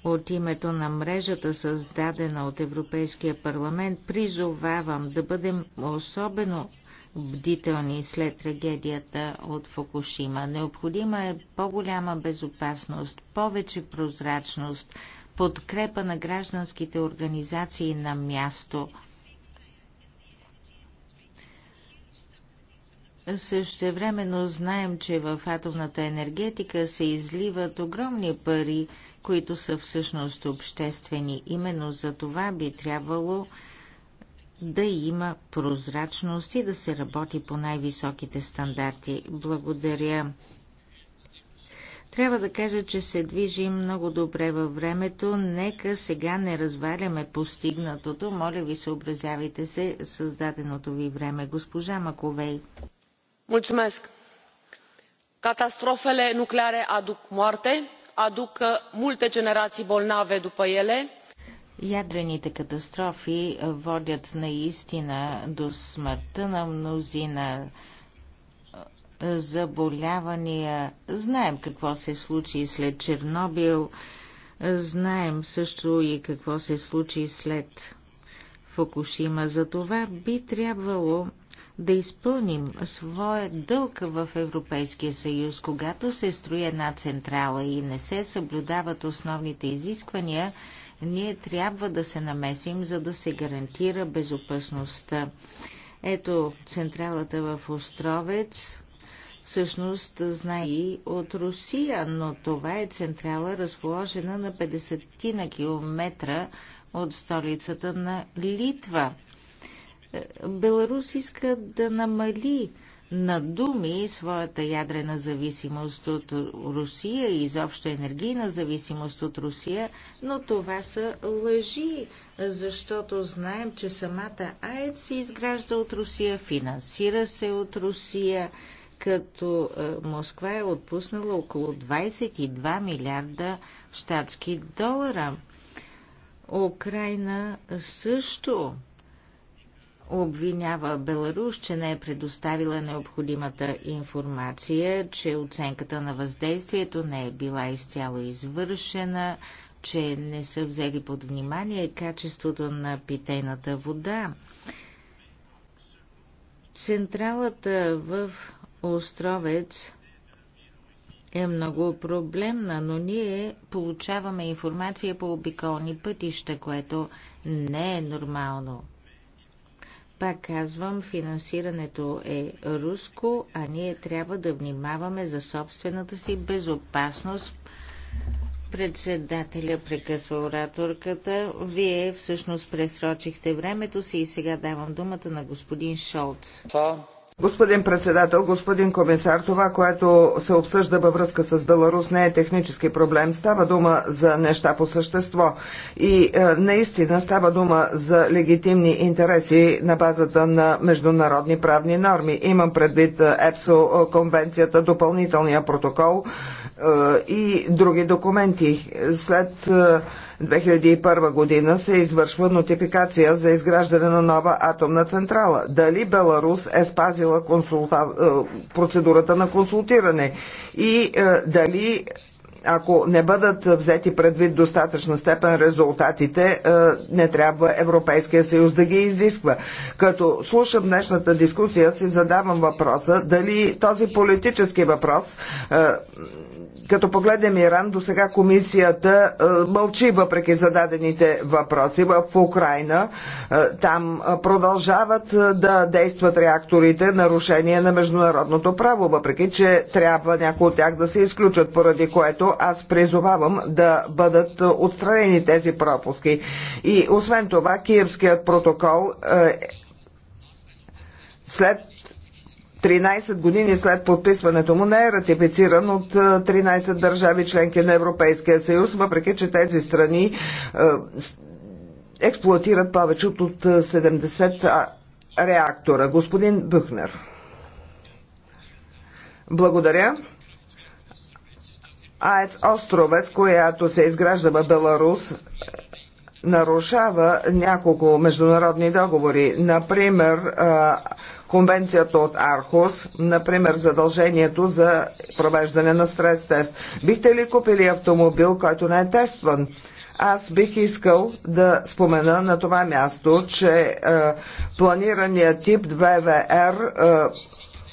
от името на мрежата, създадена от Европейския парламент, призовавам да бъдем особено бдителни след трагедията от Фукушима. Необходима е по-голяма безопасност, повече прозрачност, подкрепа на гражданските организации на място. Същевременно знаем, че в атомната енергетика се изливат огромни пари, които са всъщност обществени. Именно за това би трябвало да има прозрачност и да се работи по най-високите стандарти. Благодаря трябва да кажа, че се движим много добре във времето. Нека сега не разваляме постигнатото. Моля ви, съобразявайте се с даденото ви време. Госпожа Маковей. Мулțumesc. Catastrofele nucleare aduc moarte, aduc uh, multe generații bolnave după ele. Ядрените катастрофи водят наистина до смъртта на мнозина заболявания. Знаем какво се случи след Чернобил. Знаем също и какво се случи след Фукушима. За това би трябвало да изпълним своя дълг в Европейския съюз. Когато се строи една централа и не се съблюдават основните изисквания, ние трябва да се намесим, за да се гарантира безопасността. Ето централата в Островец всъщност знае и от Русия, но това е централа, разположена на 50 на километра от столицата на Литва. Беларус иска да намали на думи своята ядрена зависимост от Русия и изобщо енергийна зависимост от Русия, но това са лъжи, защото знаем, че самата АЕЦ се изгражда от Русия, финансира се от Русия, като е, Москва е отпуснала около 22 милиарда щатски долара. Украина също обвинява Беларус, че не е предоставила необходимата информация, че оценката на въздействието не е била изцяло извършена, че не са взели под внимание качеството на питейната вода. Централата в Островец е много проблемна, но ние получаваме информация по обиколни пътища, което не е нормално. Пак казвам, финансирането е руско, а ние трябва да внимаваме за собствената си безопасност. Председателя прекъсва ораторката. Вие всъщност пресрочихте времето си и сега давам думата на господин Шолц. Господин председател, господин комисар, това, което се обсъжда във връзка с Беларус не е технически проблем. Става дума за неща по същество. И е, наистина става дума за легитимни интереси на базата на международни правни норми. Имам предвид е, ЕПСО е, конвенцията, допълнителния протокол е, и други документи. След е, 2001 година се извършва нотификация за изграждане на нова атомна централа. Дали Беларус е спазила консулта... Е, процедурата на консултиране и е, дали ако не бъдат взети предвид достатъчна степен резултатите, е, не трябва Европейския съюз да ги изисква. Като слушам днешната дискусия, си задавам въпроса дали този политически въпрос като погледнем Иран, до сега комисията е, мълчи въпреки зададените въпроси. В Украина е, там е, продължават да действат реакторите нарушение на международното право, въпреки че трябва някои от тях да се изключат, поради което аз призовавам да бъдат отстранени тези пропуски. И освен това, Киевският протокол е след 13 години след подписването му не е ратифициран от 13 държави членки на Европейския съюз, въпреки че тези страни експлуатират повече от 70 реактора. Господин Бюхнер. Благодаря. АЕЦ Островец, която се изгражда в Беларус, нарушава няколко международни договори, например конвенцията от Архос, например задължението за провеждане на стрес тест. Бихте ли купили автомобил, който не е тестван? Аз бих искал да спомена на това място, че е, планираният тип БВР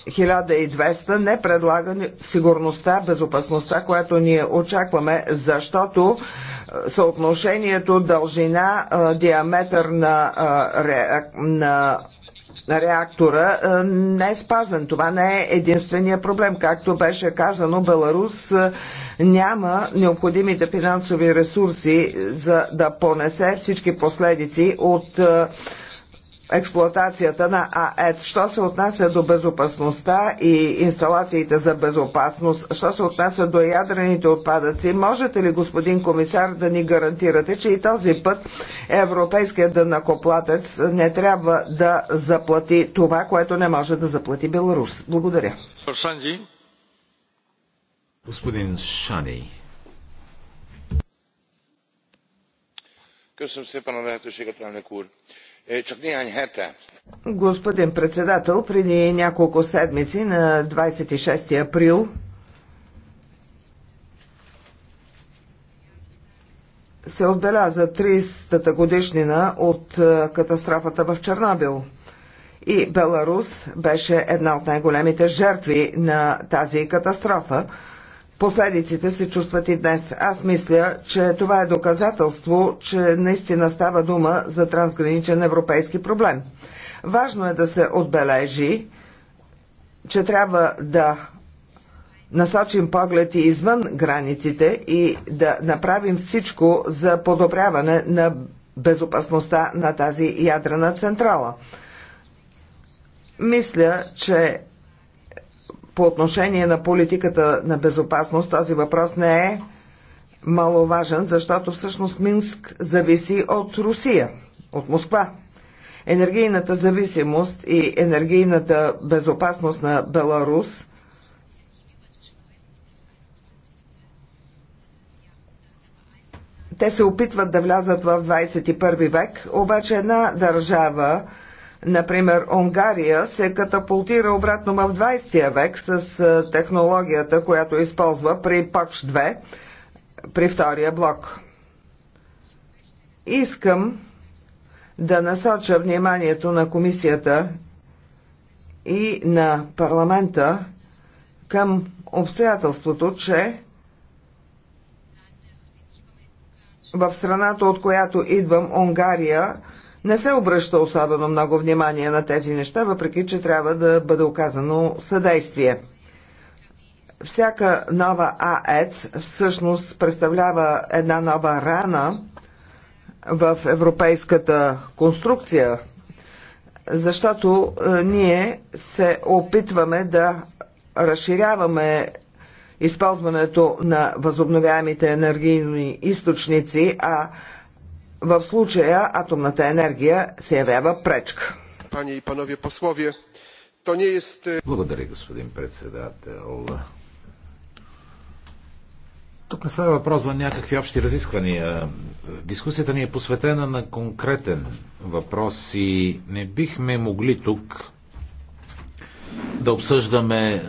е, 1200 не предлага сигурността, безопасността, която ние очакваме, защото съотношението дължина диаметър на, на реактора не е спазен. Това не е единствения проблем. Както беше казано, Беларус няма необходимите финансови ресурси за да понесе всички последици от експлоатацията на АЕЦ. Що се отнася до безопасността и инсталациите за безопасност? Що се отнася до ядрените отпадъци? Можете ли, господин комисар, да ни гарантирате, че и този път европейският дънакоплатец не трябва да заплати това, което не може да заплати Беларус? Благодаря. Господин Шани. Köszönöm szépen a lehetőséget, elnök е, Господин председател, преди няколко седмици на 26 април се отбеляза 30-та годишнина от е, катастрофата в Чернобил. И Беларус беше една от най-големите жертви на тази катастрофа. Последиците се чувстват и днес. Аз мисля, че това е доказателство, че наистина става дума за трансграничен европейски проблем. Важно е да се отбележи, че трябва да насочим поглед и извън границите и да направим всичко за подобряване на безопасността на тази ядрена централа. Мисля, че по отношение на политиката на безопасност този въпрос не е маловажен, защото всъщност Минск зависи от Русия, от Москва. Енергийната зависимост и енергийната безопасност на Беларус те се опитват да влязат в 21 век, обаче една държава Например, Унгария се катапултира обратно в 20 век с е, технологията, която използва при пакш 2, при втория блок. Искам да насоча вниманието на комисията и на парламента към обстоятелството, че в страната, от която идвам, Унгария, не се обръща особено много внимание на тези неща, въпреки че трябва да бъде оказано съдействие. Всяка нова АЕЦ всъщност представлява една нова рана в европейската конструкция, защото е, ние се опитваме да разширяваме използването на възобновяемите енергийни източници, а в случая атомната енергия се явява пречка. Пани и панове пословие, то не е... Благодаря, господин председател. Тук не става въпрос за някакви общи разисквания. Дискусията ни е посветена на конкретен въпрос и не бихме могли тук да обсъждаме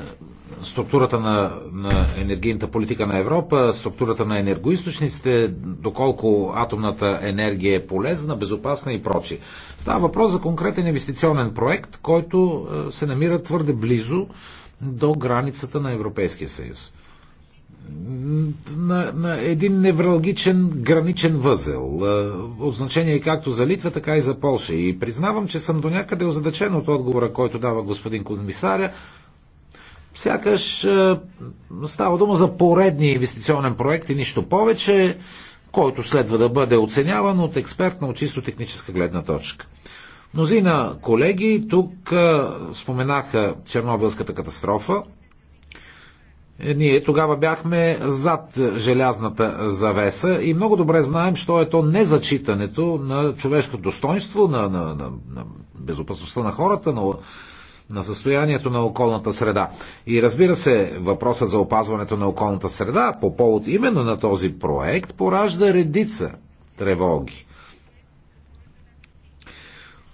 структурата на, на енергийната политика на Европа, структурата на енергоисточниците, доколко атомната енергия е полезна, безопасна и прочи. Става въпрос за конкретен инвестиционен проект, който е, се намира твърде близо до границата на Европейския съюз. На, на един невралгичен граничен възел. Е, от значение както за Литва, така и за Полша. И признавам, че съм до някъде озадачен от отговора, който дава господин комисаря Сякаш е, става дума за поредния инвестиционен проект и нищо повече, който следва да бъде оценяван от експертна, от чисто техническа гледна точка. Мнозина колеги тук е, споменаха Чернобилската катастрофа. Е, ние тогава бяхме зад желязната завеса и много добре знаем, що е то незачитането на човешкото достоинство, на, на, на, на безопасността на хората, на на състоянието на околната среда. И разбира се, въпросът за опазването на околната среда по повод именно на този проект поражда редица тревоги.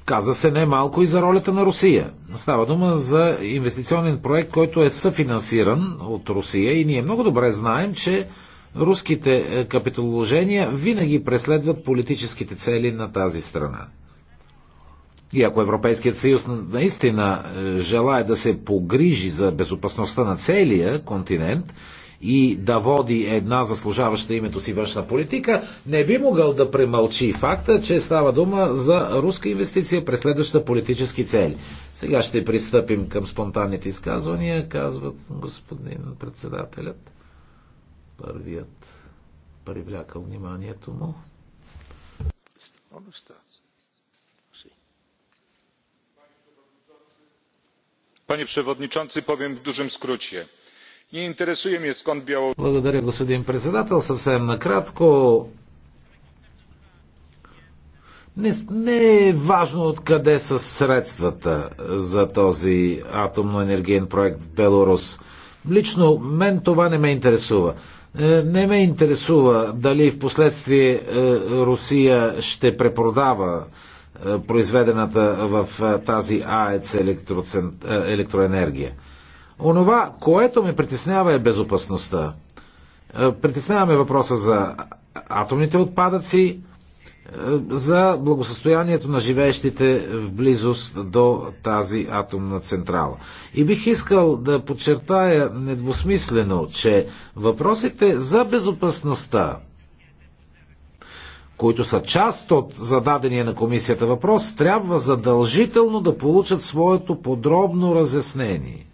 Каза се не малко и за ролята на Русия. Става дума за инвестиционен проект, който е съфинансиран от Русия и ние много добре знаем, че руските капиталоложения винаги преследват политическите цели на тази страна. И ако Европейският съюз наистина е, желая да се погрижи за безопасността на целия континент и да води една заслужаваща името си външна политика, не би могъл да премълчи факта, че става дума за руска инвестиция, през следваща политически цели. Сега ще пристъпим към спонтанните изказвания, казва господин председателят. Първият привлякал вниманието му. Областта. panie przewodniczący! powiem w dużym skrócie nie interesuje mnie skąd białoruś. Благодаря, господин председател. Съвсем накратко. Не, не е важно откъде са средствата за този атомно-енергиен проект в Белорус. Лично мен това не ме интересува. Е, не ме интересува дали в последствие е, Русия ще препродава е, произведената в е, тази АЕЦ е, електроенергия. Онова, което ме притеснява е безопасността. Притесняваме въпроса за атомните отпадъци, за благосъстоянието на живеещите в близост до тази атомна централа. И бих искал да подчертая недвусмислено, че въпросите за безопасността които са част от зададения на комисията въпрос, трябва задължително да получат своето подробно разяснение.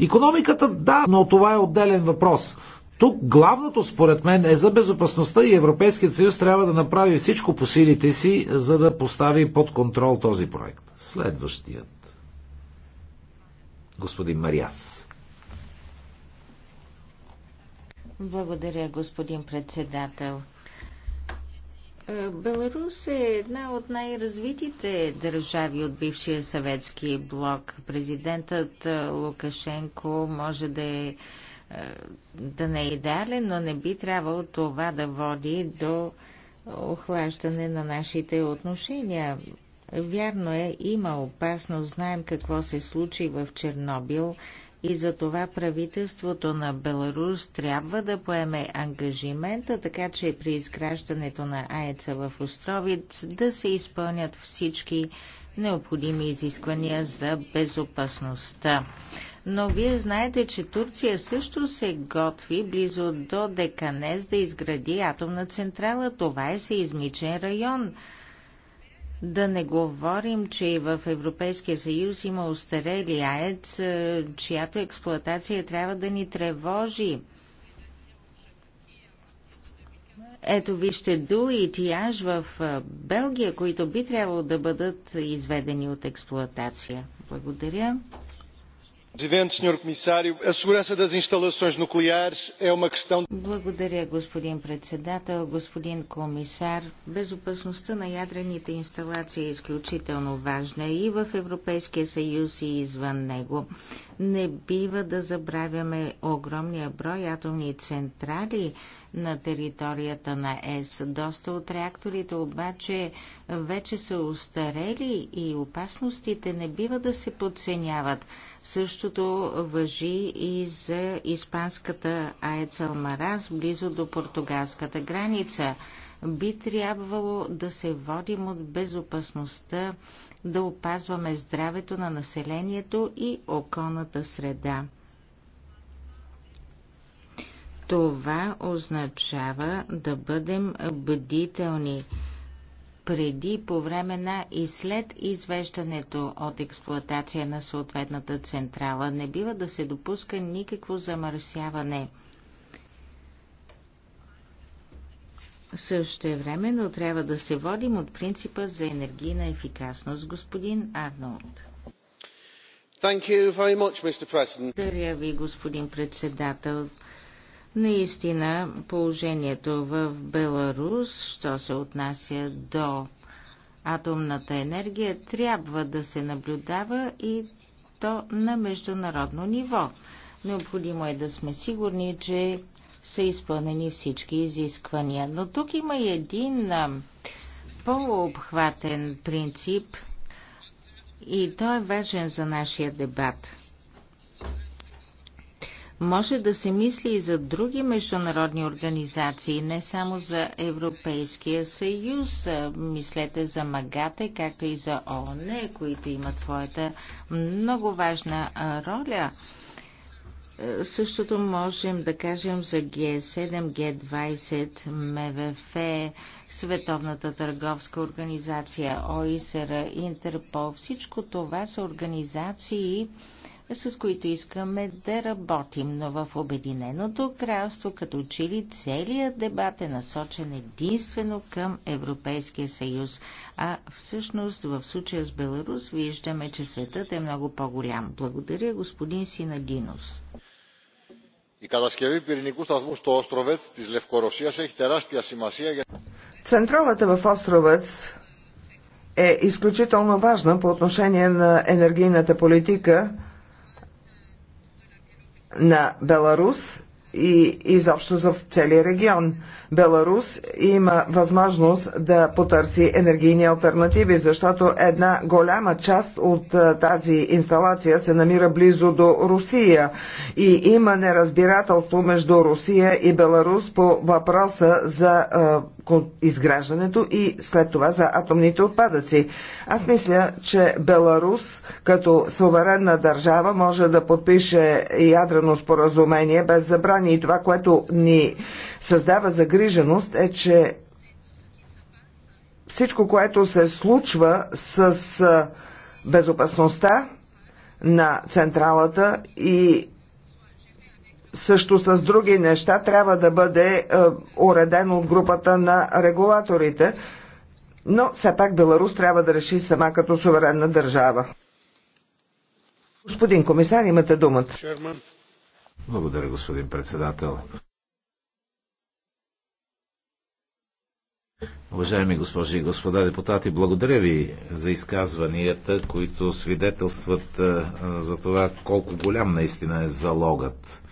Економиката да, но това е отделен въпрос. Тук главното според мен е за безопасността и Европейският съюз трябва да направи всичко по силите си, за да постави под контрол този проект. Следващият. Господин Мариас. Благодаря, господин председател. Е, Беларус е една от най-развитите държави от бившия съветски блок. Президентът е, Лукашенко може да е, е да не е идеален, но не би трябвало това да води до охлаждане на нашите отношения. Вярно е, има опасност, знаем какво се случи в Чернобил, и за това правителството на Беларус трябва да поеме ангажимента, така че при изграждането на АЕЦа в Островиц да се изпълнят всички необходими изисквания за безопасността. Но вие знаете, че Турция също се готви близо до Деканес да изгради атомна централа. Това е сеизмичен район. Да не говорим, че и в Европейския съюз има устарели аец, е, чиято експлоатация трябва да ни тревожи. Ето вижте Ду и Тияж в е, Белгия, които би трябвало да бъдат изведени от експлоатация. Благодаря е ума Благодаря, господин председател, господин комисар. Безопасността на ядрените инсталации е изключително важна и в Европейския съюз и извън него. Не бива да забравяме огромния брой атомни централи, на територията на ЕС. Доста от реакторите обаче вече са устарели и опасностите не бива да се подценяват. Същото въжи и за испанската АЕЦ Алмараз, близо до португалската граница би трябвало да се водим от безопасността, да опазваме здравето на населението и околната среда. Това означава да бъдем бдителни преди, по време на и след извеждането от експлоатация на съответната централа. Не бива да се допуска никакво замърсяване. Същевременно трябва да се водим от принципа за енергийна ефикасност, господин Арнолд. Благодаря ви, господин председател. Наистина положението в Беларус, що се отнася до атомната енергия, трябва да се наблюдава и то на международно ниво. Необходимо е да сме сигурни, че са изпълнени всички изисквания. Но тук има и един по-обхватен принцип и той е важен за нашия дебат – може да се мисли и за други международни организации, не само за Европейския съюз. Мислете за МАГАТЕ, както и за ООН, които имат своята много важна роля. Същото можем да кажем за Г7, Г20, МВФ, Световната търговска организация, ОИСР, Интерпол. Всичко това са организации, с които искаме да работим, но в Обединеното кралство, като че ли целият дебат е насочен единствено към Европейския съюз, а всъщност в случая с Беларус виждаме, че светът е много по-голям. Благодаря, господин Синадинос. Η κατασκευή πυρηνικού σταθμού στο Όστροβετς της Λευκορωσίας έχει τεράστια σημασία για... Централата в Островец е изключително важна по отношение на енергийната политика на Беларус и изобщо за целия регион. Беларус има възможност да потърси енергийни альтернативи, защото една голяма част от тази инсталация се намира близо до Русия и има неразбирателство между Русия и Беларус по въпроса за изграждането и след това за атомните отпадъци. Аз мисля, че Беларус като суверенна държава може да подпише ядрено споразумение без забрани и това, което ни създава загриженост е, че всичко, което се случва с безопасността на централата и също с други неща трябва да бъде е, уреден от групата на регулаторите. Но все пак Беларус трябва да реши сама като суверенна държава. Господин комисар, имате думата. Благодаря, господин председател. Уважаеми госпожи и господа депутати, благодаря ви за изказванията, които свидетелстват е, за това колко голям наистина е залогът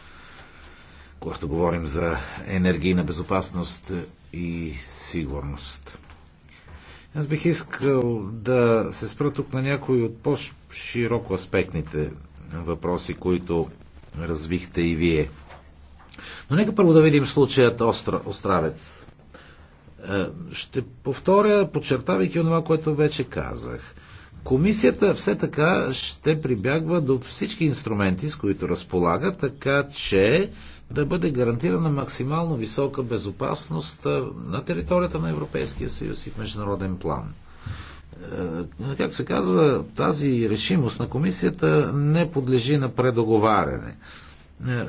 когато говорим за енергийна безопасност и сигурност. Аз бих искал да се спра тук на някои от по-широко аспектните въпроси, които развихте и вие. Но нека първо да видим случаят остр... Остравец. Е, ще повторя, подчертавайки това, което вече казах. Комисията все така ще прибягва до всички инструменти, с които разполага, така че да бъде гарантирана максимално висока безопасност на територията на Европейския съюз и в международен план. Е, как се казва, тази решимост на комисията не подлежи на предоговаряне. Е,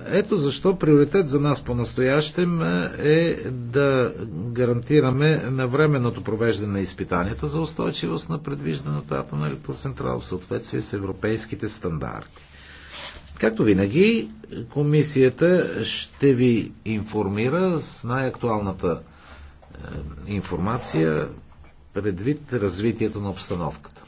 ето защо приоритет за нас по-настоящем е, е да гарантираме навременното провеждане на изпитанията за устойчивост на предвижданата атомна електроцентрала в съответствие с европейските стандарти. Както винаги, комисията ще ви информира с най-актуалната е, информация предвид развитието на обстановката.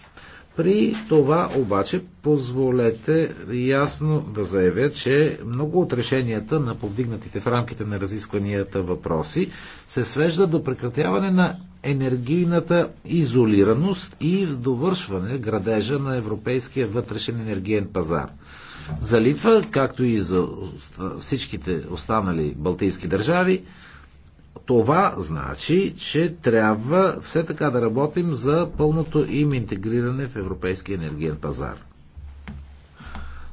При това обаче позволете ясно да заявя, че много от решенията на повдигнатите в рамките на разискванията въпроси се свеждат до прекратяване на енергийната изолираност и довършване градежа на европейския вътрешен енергиен пазар. За Литва, както и за всичките останали балтийски държави, това значи, че трябва все така да работим за пълното им интегриране в европейския енергиен пазар.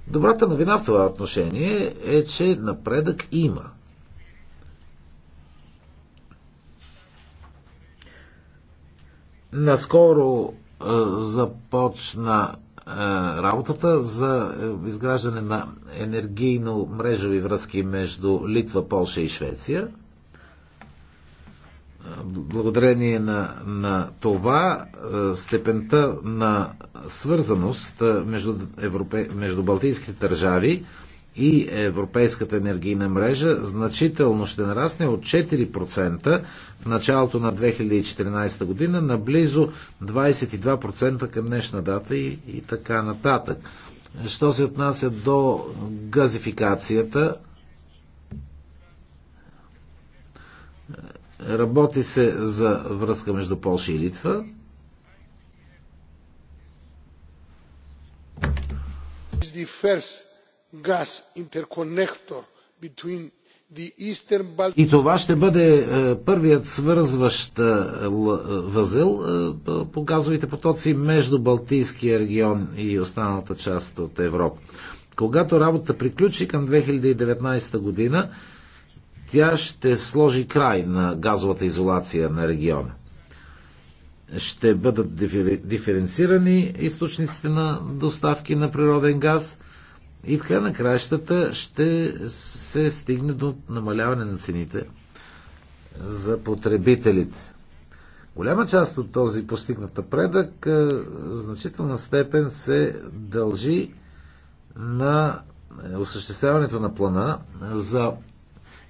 Добрата новина в това отношение е, че напредък има. Наскоро е, започна работата за е, изграждане на енергийно мрежови връзки между Литва, Полша и Швеция. Благодарение на, на това степента на свързаност между, европе, между балтийските държави и Европейската енергийна мрежа значително ще нарасне от 4% в началото на 2014 година на близо 22% към днешна дата и, и така нататък. Що се отнася до газификацията, работи се за връзка между Польша и Литва. Is the first gas interconnector between и това ще бъде е, първият свързващ е, е, възел по газовите потоци между Балтийския регион и останалата част от Европа. Когато работа приключи към 2019 година, тя ще сложи край на газовата изолация на региона. Ще бъдат диференцирани източниците на доставки на природен газ – и в края на кращата ще се стигне до намаляване на цените за потребителите. Голяма част от този постигнат напредък е, в значителна степен се дължи на е, осъществяването на плана за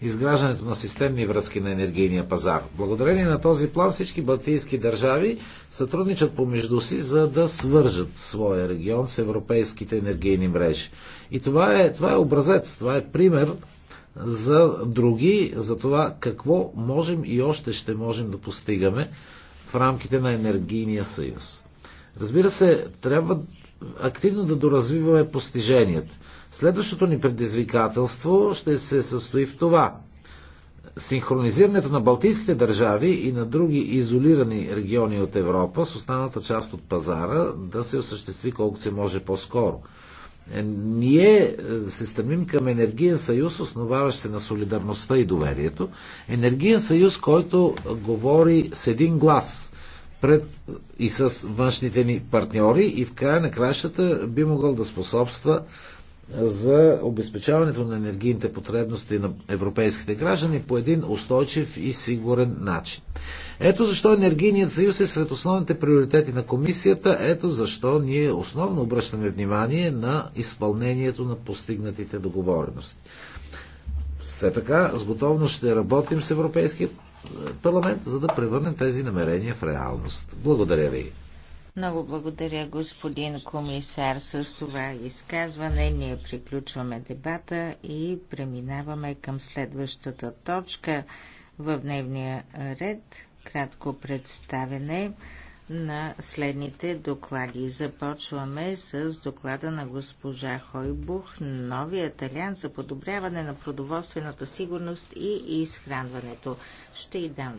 изграждането на системни връзки на енергийния пазар. Благодарение на този план всички балтийски държави сътрудничат помежду си, за да свържат своя регион с европейските енергийни мрежи. И това е, това е образец, това е пример за други, за това какво можем и още ще можем да постигаме в рамките на енергийния съюз. Разбира се, трябва активно да доразвиваме постиженията. Следващото ни предизвикателство ще се състои в това. Синхронизирането на балтийските държави и на други изолирани региони от Европа с останата част от пазара да се осъществи колкото се може по-скоро. Е, ние е, се стремим към енергиен съюз, основаващ се на солидарността и доверието. Енергиен съюз, който говори с един глас – пред и с външните ни партньори и в края на кращата би могъл да способства за обезпечаването на енергийните потребности на европейските граждани по един устойчив и сигурен начин. Ето защо енергийният съюз е сред основните приоритети на комисията, ето защо ние основно обръщаме внимание на изпълнението на постигнатите договорености. Все така, с готовност ще работим с Европейския парламент, за да превърнем тези намерения в реалност. Благодаря ви. Много благодаря, господин комисар. С това изказване ние приключваме дебата и преминаваме към следващата точка в дневния ред. Кратко представене на следните доклади. Започваме с доклада на госпожа Хойбух, новия талянт за подобряване на продоволствената сигурност и изхранването. Ще й дам